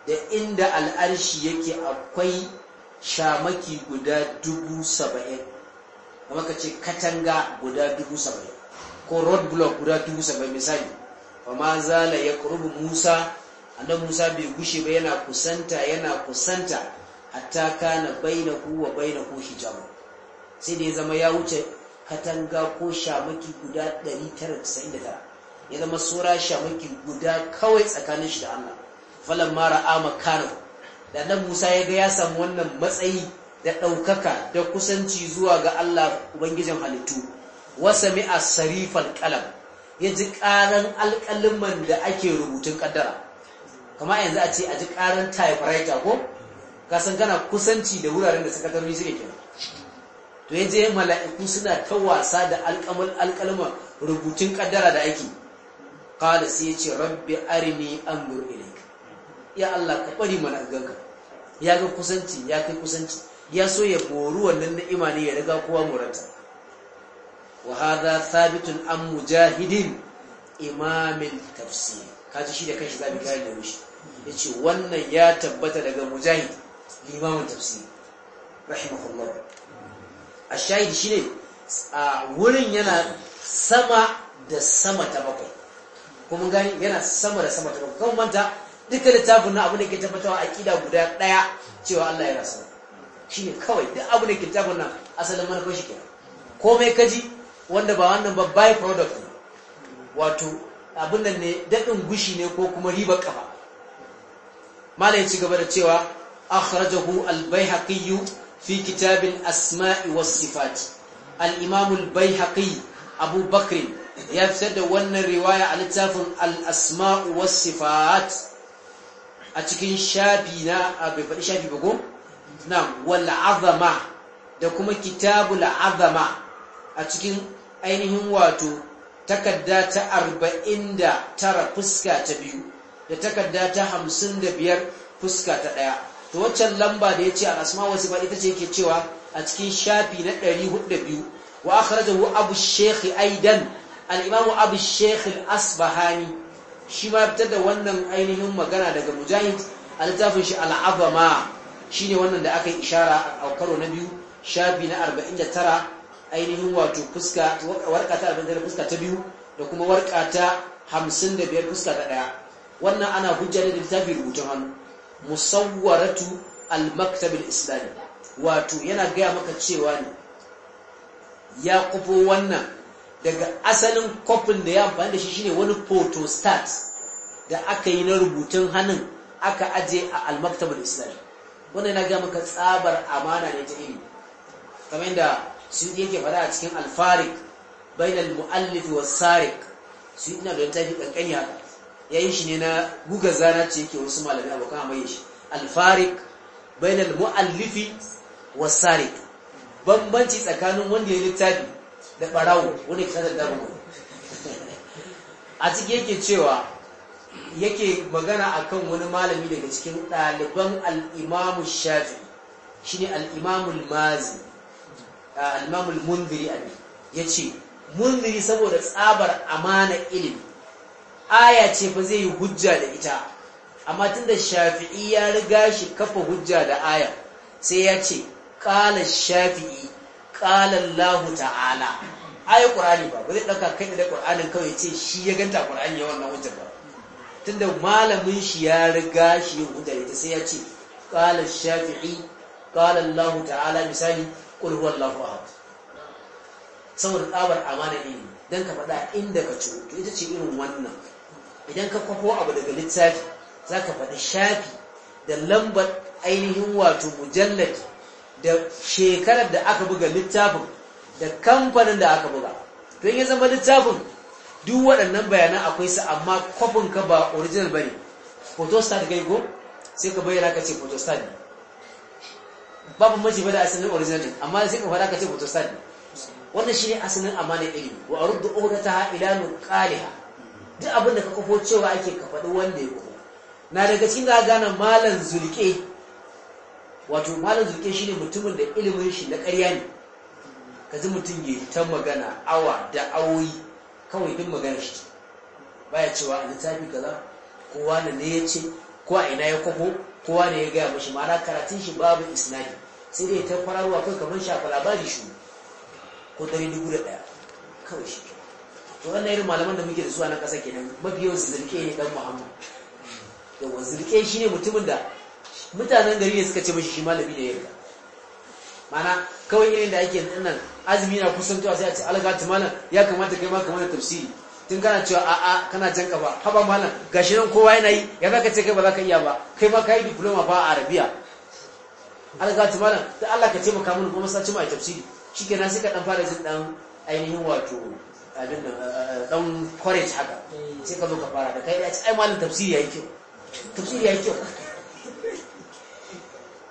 da inda al'arshi yake akwai shamaki guda dubu saba'in kuma ka ce katanga guda dubu saba'in ko road block guda dubu saba'in misali ba ma zala ya kurubu musa annan musa bai gushe ba yana kusanta yana kusanta hatta kana baina ku wa baina ku hijabu sai da ya zama ya wuce katanga ko shamaki guda 999 ya zama sura shamaki guda kawai tsakanin shi da Allah Falon mara ama da na musa ya ga ya samu wannan matsayi da ɗaukaka da kusanci zuwa ga allah ubangijin halittu wasa mi'a sarifal kalam ya ji ƙaran alƙaliman da ake rubutun ƙaddara kama yanzu a ce a ji ƙaran typewriter ko kasan kana kusanci da wuraren da sakatarori suke kenan to ya je mala'iku suna ta wasa da alƙalma rubutun ƙaddara da ake kala sai ya ce rabbi arini an gurbe ya Allah ka bari mana ganka ya ga kusanci ya kai kusanci ya so ya boru wannan ni'ima ne ya riga kowa muranta wa hadha thabitun an mujahidin imamin tafsir kaji shi da kanshi zabi kai da mushi yace wannan ya tabbata daga mujahid limamin tafsir rahimahullah ashahid shine a wurin yana sama da sama ta bakwai kuma gani yana sama da sama ta bakwai kuma manta duka littafin na abun da ke tabbatawa aƙida guda ɗaya cewa Allah yana sama ne kawai duk abin da ke littafin nan asalin manufar shi kenan komai kaji wanda ba wannan ba by product ne wato abin nan ne daɗin gushi ne ko kuma riba kafa malai ci gaba da cewa akhrajahu al-baihaqi fi kitab al-asma'i was-sifat al-imam al-baihaqi abu bakr ya fitar da wannan riwaya a littafin al-asma'u was-sifat a cikin shafi na a faɗi shafi ba ko na azama da kuma kitabul azama a cikin ainihin wato takarda ta arba'in da tara fuska ta biyu da takarda ta hamsin biyar fuska ta ɗaya to waccan lamba da ya ce al'asma wasu ba ita ce ke cewa a cikin shafi na 402 wa hu abu shekhi aidan al-imamu abu shekhi asbahani shi ma fitar da wannan ainihin magana daga mujahid a littafin shi al'azama ne wannan da aka yi ishara a karo na biyu shafi na 49 ainihin wato fuska warka ta 45 fuska ta biyu da kuma warka ta 55 fuska ta ɗaya. wannan ana hujja da littafin rubutun hannu musawwaratu al maktabil islami wato yana gaya maka cewa ne ya kufo wannan daga asalin kofin da ya amfani da shi shine wani photostat da aka yi na rubutun hannun aka aje a almaktabar islam wannan na gama ka tsabar amana ne ta ilimi kamar yadda su yake fada a cikin alfarik bainal mu'allif wa sarik su ina da tafi kankani haka yi shi ne na guga zana ce yake wasu malamai abokan amaye shi alfarik bainal mu'allifi wa sarik bambanci tsakanin wanda ya littafi da barawo wani kasar da a cikin yake cewa yake magana akan wani malami daga cikin ɗaliban al'imamu shafi shi ne al'imamul mazi al'imamul mundiri abi ya ce mundiri saboda tsabar amana ilim, aya ce fa zai yi hujja da ita amma tun da shafi'i ya riga shi kafa hujja da aya sai ya ce ƙala shafi'i lahu ta'ala ayi ƙur'ani ba ba zai ɗauka kai da ƙur'anin kawai ce shi ya ganta ƙur'ani ya wannan hujjar ba tunda malamin shi ya riga shi yin ita sai ya ce ƙala shafi'i ƙala Allah ta'ala misali qul huwallahu ahad saboda tsabar amana ne dan ka faɗa inda ka ci to ita ce irin wannan idan ka kwafo abu daga littafi zaka faɗi shafi da lambar ainihin wato mujallad da shekarar da aka buga littafin da kamfanin da aka buga don ya zama littafin duk waɗannan bayanan akwai su amma kwafin ka ba original bane photostat kai ko sai ka bayyana ka ce photostat ne babu maji ba da asalin original din amma sai ka fara ka ce photostat ne wannan shine asalin amana ilimi wa aruddu uhdataha ila nuqaliha duk abin da ka kafo cewa ake ka faɗi wanda ya kafo na daga cikin da gane malan zulke wato malam zuke ne mutumin da ilimin shi na karya ne ka ji mutum ya ta magana awa da awoyi kawai duk magana shi baya cewa a littafi kaza kowa na ne ya ce ko ina ya kwafo kowa ne ya gaya mashi ma'ana karatun shi babu isnadi sai dai ta kwararwa kai kamar shafa labari shi ko dare dubu da ɗaya kawai shi to wannan irin malaman da muke da zuwa na ƙasa kenan mafi yawan zirke ne dan muhammad yawan zirke ne mutumin da mutanen gari ne suka ce mashi shi malami ne ya mana kawai irin da ake nan azumi na kusan tuwa sai a ce algatu malam ya kamata kai ma kamar tafsiri tun kana cewa a'a kana jan kafa haba malam gashi nan kowa yana yi ya zaka ce kai ba zaka iya ba kai ma kai diploma fa a arabiya algatu malam da Allah ka ce maka mun kuma sace mai tafsiri shikenan sai ka dan fara jin dan ainihin wato abin da dan eh, eh, courage haka eh. sai ka zo ka fara da kai ce ai malam tafsiri yayi kyau tafsiri yayi kyau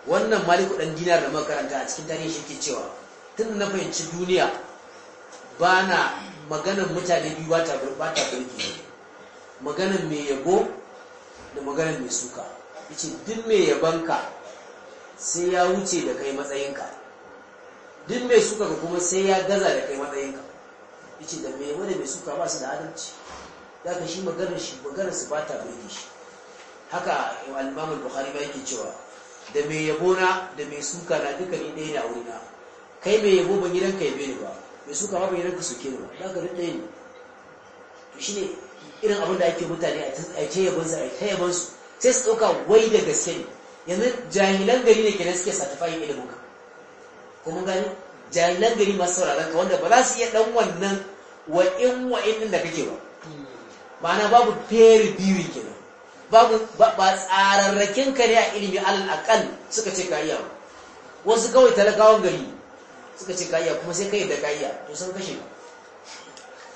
wannan maliku dan dinar da makaranta a cikin tarihi shi ke cewa tun na fahimci duniya ba na maganan mutane biyu ba ta gurbata burki Maganar mai yabo da maganar mai suka yace duk mai yabanka sai ya wuce da kai matsayinka duk mai suka ka kuma sai ya gaza da kai matsayinka yace da mai wani mai suka ba su da adalci ka shi maganar shi maganar su ba ta burge shi haka al-Imam bukhari ba yake cewa da mai yabona da mai suka na duka ni ɗaya ne a wurina kai mai yabo ban gidan ka yabe ne ba mai suka ba ban gidan ka suke ne ba za ka ɗaya ne to shi ne irin abin da ake mutane a yabon yabansu a ta yabansu sai su ɗauka wai da gaske ne yanzu jahilan gari ne kenan suke satifayin ilimin ka kuma gani jahilan gari masu sauraron ka wanda ba za su iya ɗan wannan wa'in wa'in ɗin da kake ba ma'ana babu peer reviewing kenan babu ba tsararrakin ka a ilimi alal akal suka ce ka ba wasu kawai talakawan gari suka ce ka kuma sai kai da ka to sun kashe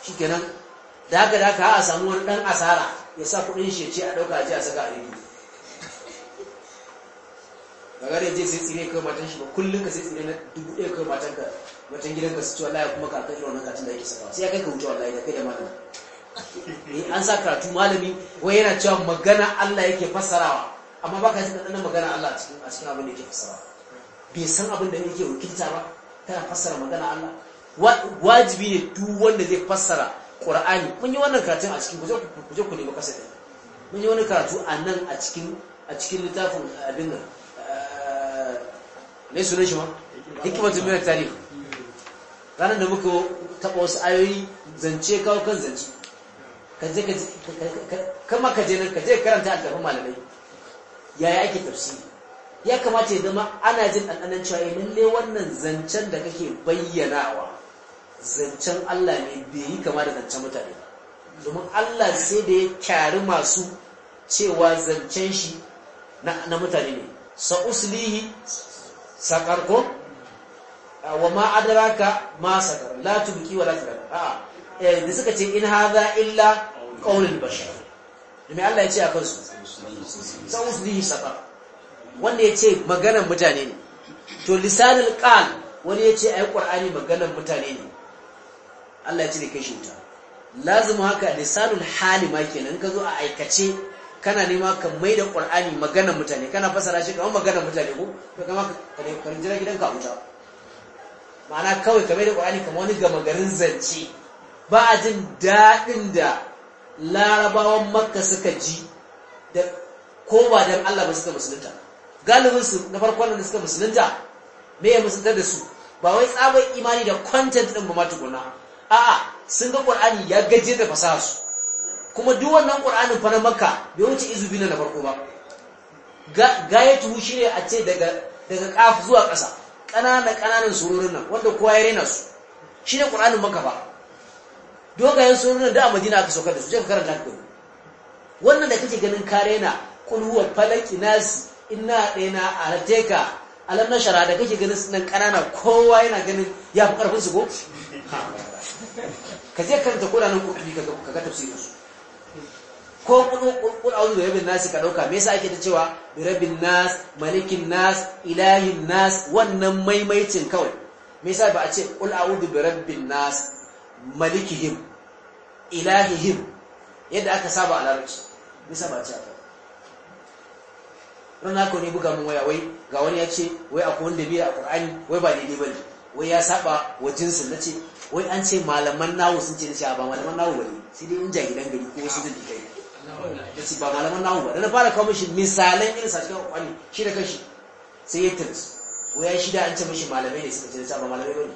shi kenan da haka da haka a samu wani dan asara ya sa kudin shi ce a dauka ji a saka a rediyo Ba da je sai tsire kai matan shi ba kullum ka sai tsire na dubu ɗaya kai matan ka matan ka su ci wallahi kuma ka kai irin wannan katin da ake sakawa sai ya kai ka wuce wallahi da kai da matan an sa karatu malami wai yana cewa magana Allah yake fasarawa amma baka ji dan magana Allah cikin a cikin abin da yake fasara bai san abin da yake wakilta ba tana fasara magana Allah wajibi ne duk wanda zai fasara Qur'ani mun yi wannan karatun a cikin kuje kuje ku ba kasa mun yi wannan karatu a nan a cikin a cikin littafin eh, abin nan ne eh, sunan shi ma hikmatu mai tarihi ranar da muka taba wasu ayoyi zance kawo kan zance ka ka kama ka je ka je karanta alƙafin malamai yaya ake tafsiri ya kamata ya zama ana jin ɗanɗanan cewa eh, lalle wannan zancen da kake bayyanawa zancen Allah ne bai yi kama da zancen mutane domin Allah sai da ya kyari masu cewa zancen shi na mutane ne sa'uslihi sakarko wa ma ka ma sakar la tubqi wa la tadra a eh, da suka ce in hadha illa qawlul bashar me Allah ya ce a su san uslihi saqar wanda ya ce maganan mutane ne to lisanul qal wani ya ce a yi qur'ani maganan mutane ne Allah ya ce da kai shi wuta lazimu haka lisanul hali ma ke nan, ka zo a aikace kana nema ka mai da qur'ani maganar mutane kana fasara shi kamar maganan mutane ko to kama ka rinjira gidanka a wuta ma'ana kawai ka mai da qur'ani kamar wani gama garin zance ba a jin daɗin da larabawan makka suka ji da ko ba dan Allah ba suka musulunta galibin su na farkon da suka musulunta me ya musulunta da su ba wai tsabar imani da content din ba ma tukuna a'a sun ga qur'ani ya gaje da fasaha su kuma duk wannan qur'anin fa na makka bai wuce izubi na farko ba gayatu shine a ce daga daga kaf zuwa ƙasa ƙananan ƙananan sururin nan wanda kowa ya rena su shine qur'anin makka ba dogayen sunan da a madina aka saukar da su sai karanta ka wannan da kake ganin kare na kulhuwar falaki nasi inna na alteka alam na shara da kake ganin sunan ƙanana kowa yana ganin ya fi ƙarfin su ko ka je karanta ko nan ƙurƙuri ka ga tafsirin su ko kun auzu da rabin nasi ka ɗauka me yasa ake ta cewa rabin nas malikin nas ilahin nas wannan maimaicin kawai me yasa ba a ce kul a'udhu bi rabbin nas malikihim ilahihim yadda aka saba a larabci bisa ba ci aka ran ko ne buga mun waya wai ga wani ya ce wai akwai wanda biya a ƙur'ani wai ba daidai ba ne wai ya saba wa jinsin na ce wai an ce malaman nawo sun ce na shi ba malaman nawo ba ne sai dai in jagidan gari ko wasu zai kai ya ce ba malaman nawo ba da na fara kawo mishi misalan irin sa cikin ƙwani shi da kashi sai ya tirs wai ya shida an ce mishi malamai ne suka ce da ba malamai ba ne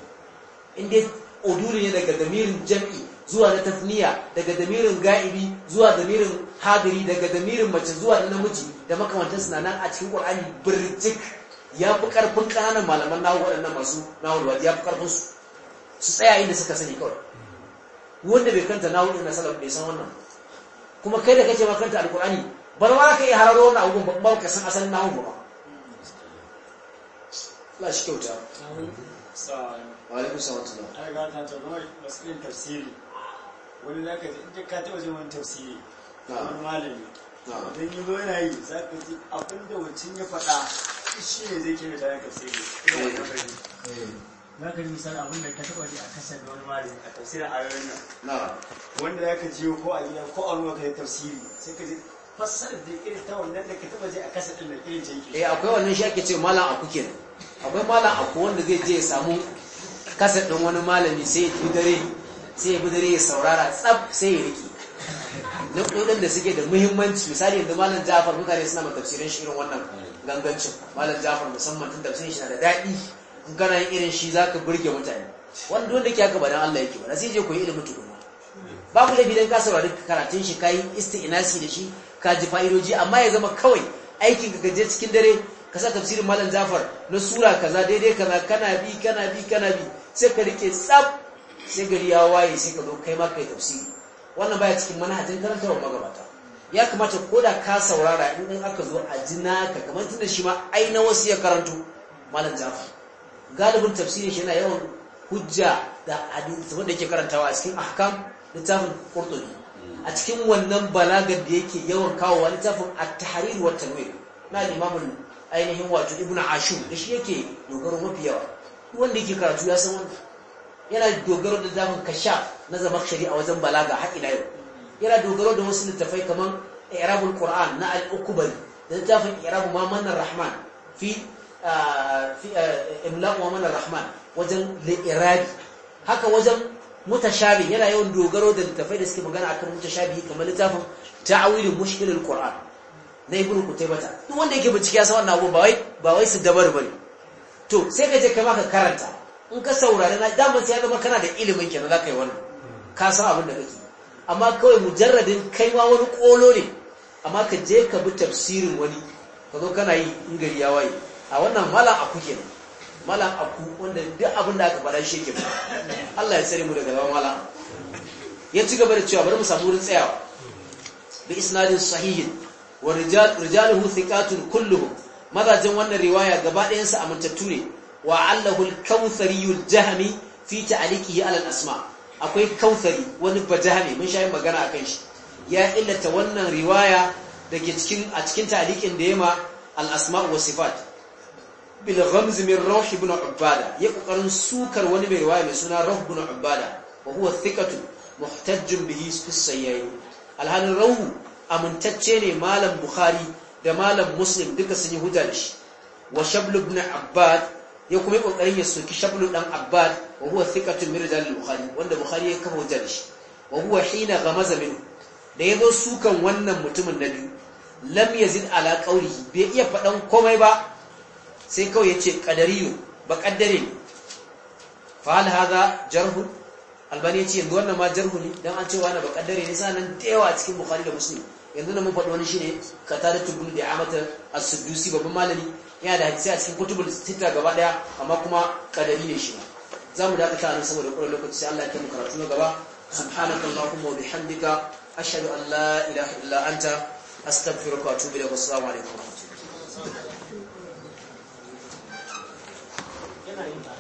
in dai uduli ne daga damirin jam'i zuwa na tafniya daga damirin ga'ibi zuwa damirin hadiri daga damirin mace zuwa na namiji da makamantan suna nan a cikin ƙwar'ani birjik ya fi ƙarfin ƙananan malaman nahu waɗannan masu nahu ya fi ƙarfin su su tsaya inda suka sani kawai wanda bai kanta nahu ɗin na salaf bai san wannan kuma kai da kake ma kanta alƙur'ani ba za ka iya hararo wannan abubuwan ba ka san asalin nahu ba Allah shi kyauta wa alaikum salam ai ga ta ta kuma masalin tafsiri wani wani malami don yi zo yana yi za ka ji abin da wancan ya faɗa shi ne zai da wani eh. eh. za ka ji misali abin da ka taba ji a kasar da wani malami a tafsirin ayoyin nan wanda za ka ko a gida ko a ruwa ka yi tafsiri sai ka ji fassarar da irin ta wannan da ka taba ji a kasar ɗin da irin jinki eh akwai wannan shi ake ce malam a kuke akwai malam akwai wanda zai je ya samu kasar ɗin wani malami sai ya fi dare sai ya fi dare ya saurara tsab sai ya riki na ɗoɗin da suke da muhimmanci misali yadda malam jafar mutane suna ma tafsirin shi irin wannan gangancin malam jafar musamman tun tafsirin shi na da daɗi in kana yin irin shi za ka burge mutane wanda wanda ke haka ba dan Allah yake ba sai je koyi ilimin tukuna ku laifi dan ka saurari karatun shi kai isti'nasi da shi ka ji fa'idoji amma ya zama kawai aikin ka gaje cikin dare Kasa sa tafsirin malam Jafar na sura kaza daidai kaza kana bi kana bi kana bi sai ka rike tsab sai gari ya waye sai ka zo kai ma kai tafsiri wannan baya cikin manhajin wa magabata ya kamata ko da ka saurara in aka zo a jina ka kamar tunda shi ma ai na wasu ya karanto malam Jafar galibin tafsirin shi yana yawan hujja da hadisi wanda yake karantawa a cikin ahkam littafin Qurtubi a cikin wannan balagar da yake yawan kawo wani littafin at-tahrir wa tanwir na imamul ainihin wato ibnu ashur da shi yake dogaro mafi yawa wanda yake karatu ya san wanda. yana dogaro da zafin kasha na zama a wajen balaga har ila yau yana dogaro da wasu littafai kamar irabul qur'an na al-ukbari da littafin irabu ma manar rahman fi fi imlaq wa manar rahman wajen li'irabi haka wajen mutashabi yana yawan dogaro da littafai da suke magana akan mutashabi kamar littafin ta'awilin mushkilul qur'an na ibnu bata duk wanda yake bincike ya sa wannan abu ba wai ba wai su dabar bane to sai ka je kai maka karanta in ka saurare na dan sai ya zama kana da ilimin kenan ka yi wannan ka san abin da kake amma kawai mujarradin ma wani kolo ne amma ka je ka bi tafsirin wani ka zo kana yi in gari ya waye a wannan malam aku kenan malam aku wanda duk abin da aka faɗa shi yake Allah ya tsare mu daga zaman malam ya ci gaba da cewa bari mu samu wurin tsayawa bi isnadin sahihin wa rijaluhu thiqatun kulluhum mazajin wannan riwaya gaba ɗayansu amintattu ne wa allahul al-kautsari fi ta'liqihi ala al-asma akwai kautsari wani bajahmi mun shayin magana akan shi ya illata wannan riwaya da cikin a cikin ta'liqin da yema al-asma wa sifat bil ghamz min rawh ibn ubada ya kokarin sukar wani mai riwaya mai suna rawh ibn ubada wa huwa thiqatu muhtajjun bihi fi sayyi alhalin rawh amintacce ne malam bukhari da malam muslim duka sun yi hujja shi wa shablu ibn abbad ya kuma yi kokarin ya soki shablu dan abbad wa huwa thiqatu min rijal bukhari wanda bukhari ya kafa hujja da shi wa huwa hina ghamaza min da yazo sukan wannan mutumin na lam yazid ala qawlihi bai iya fadan komai ba sai kawai yace qadariyu ba qaddare ne fa hal hadha jarh albani yace yanzu wannan ma jarhu ne dan an ce wannan ba qaddare ne sanan tewa a cikin bukhari da muslim yanzu da mun faɗi wani shine da ya amata a sudusi babban malami yana da hadisi a cikin kutubun sita gaba ɗaya amma kuma kadari ne shi za mu da ta nan saboda ƙwarar lokaci sai Allah ya kai karatu na gaba subhanahu wa bihamdika ashhadu an la ilaha illa anta astaghfiruka wa atubu ilayk assalamu alaikum yana yin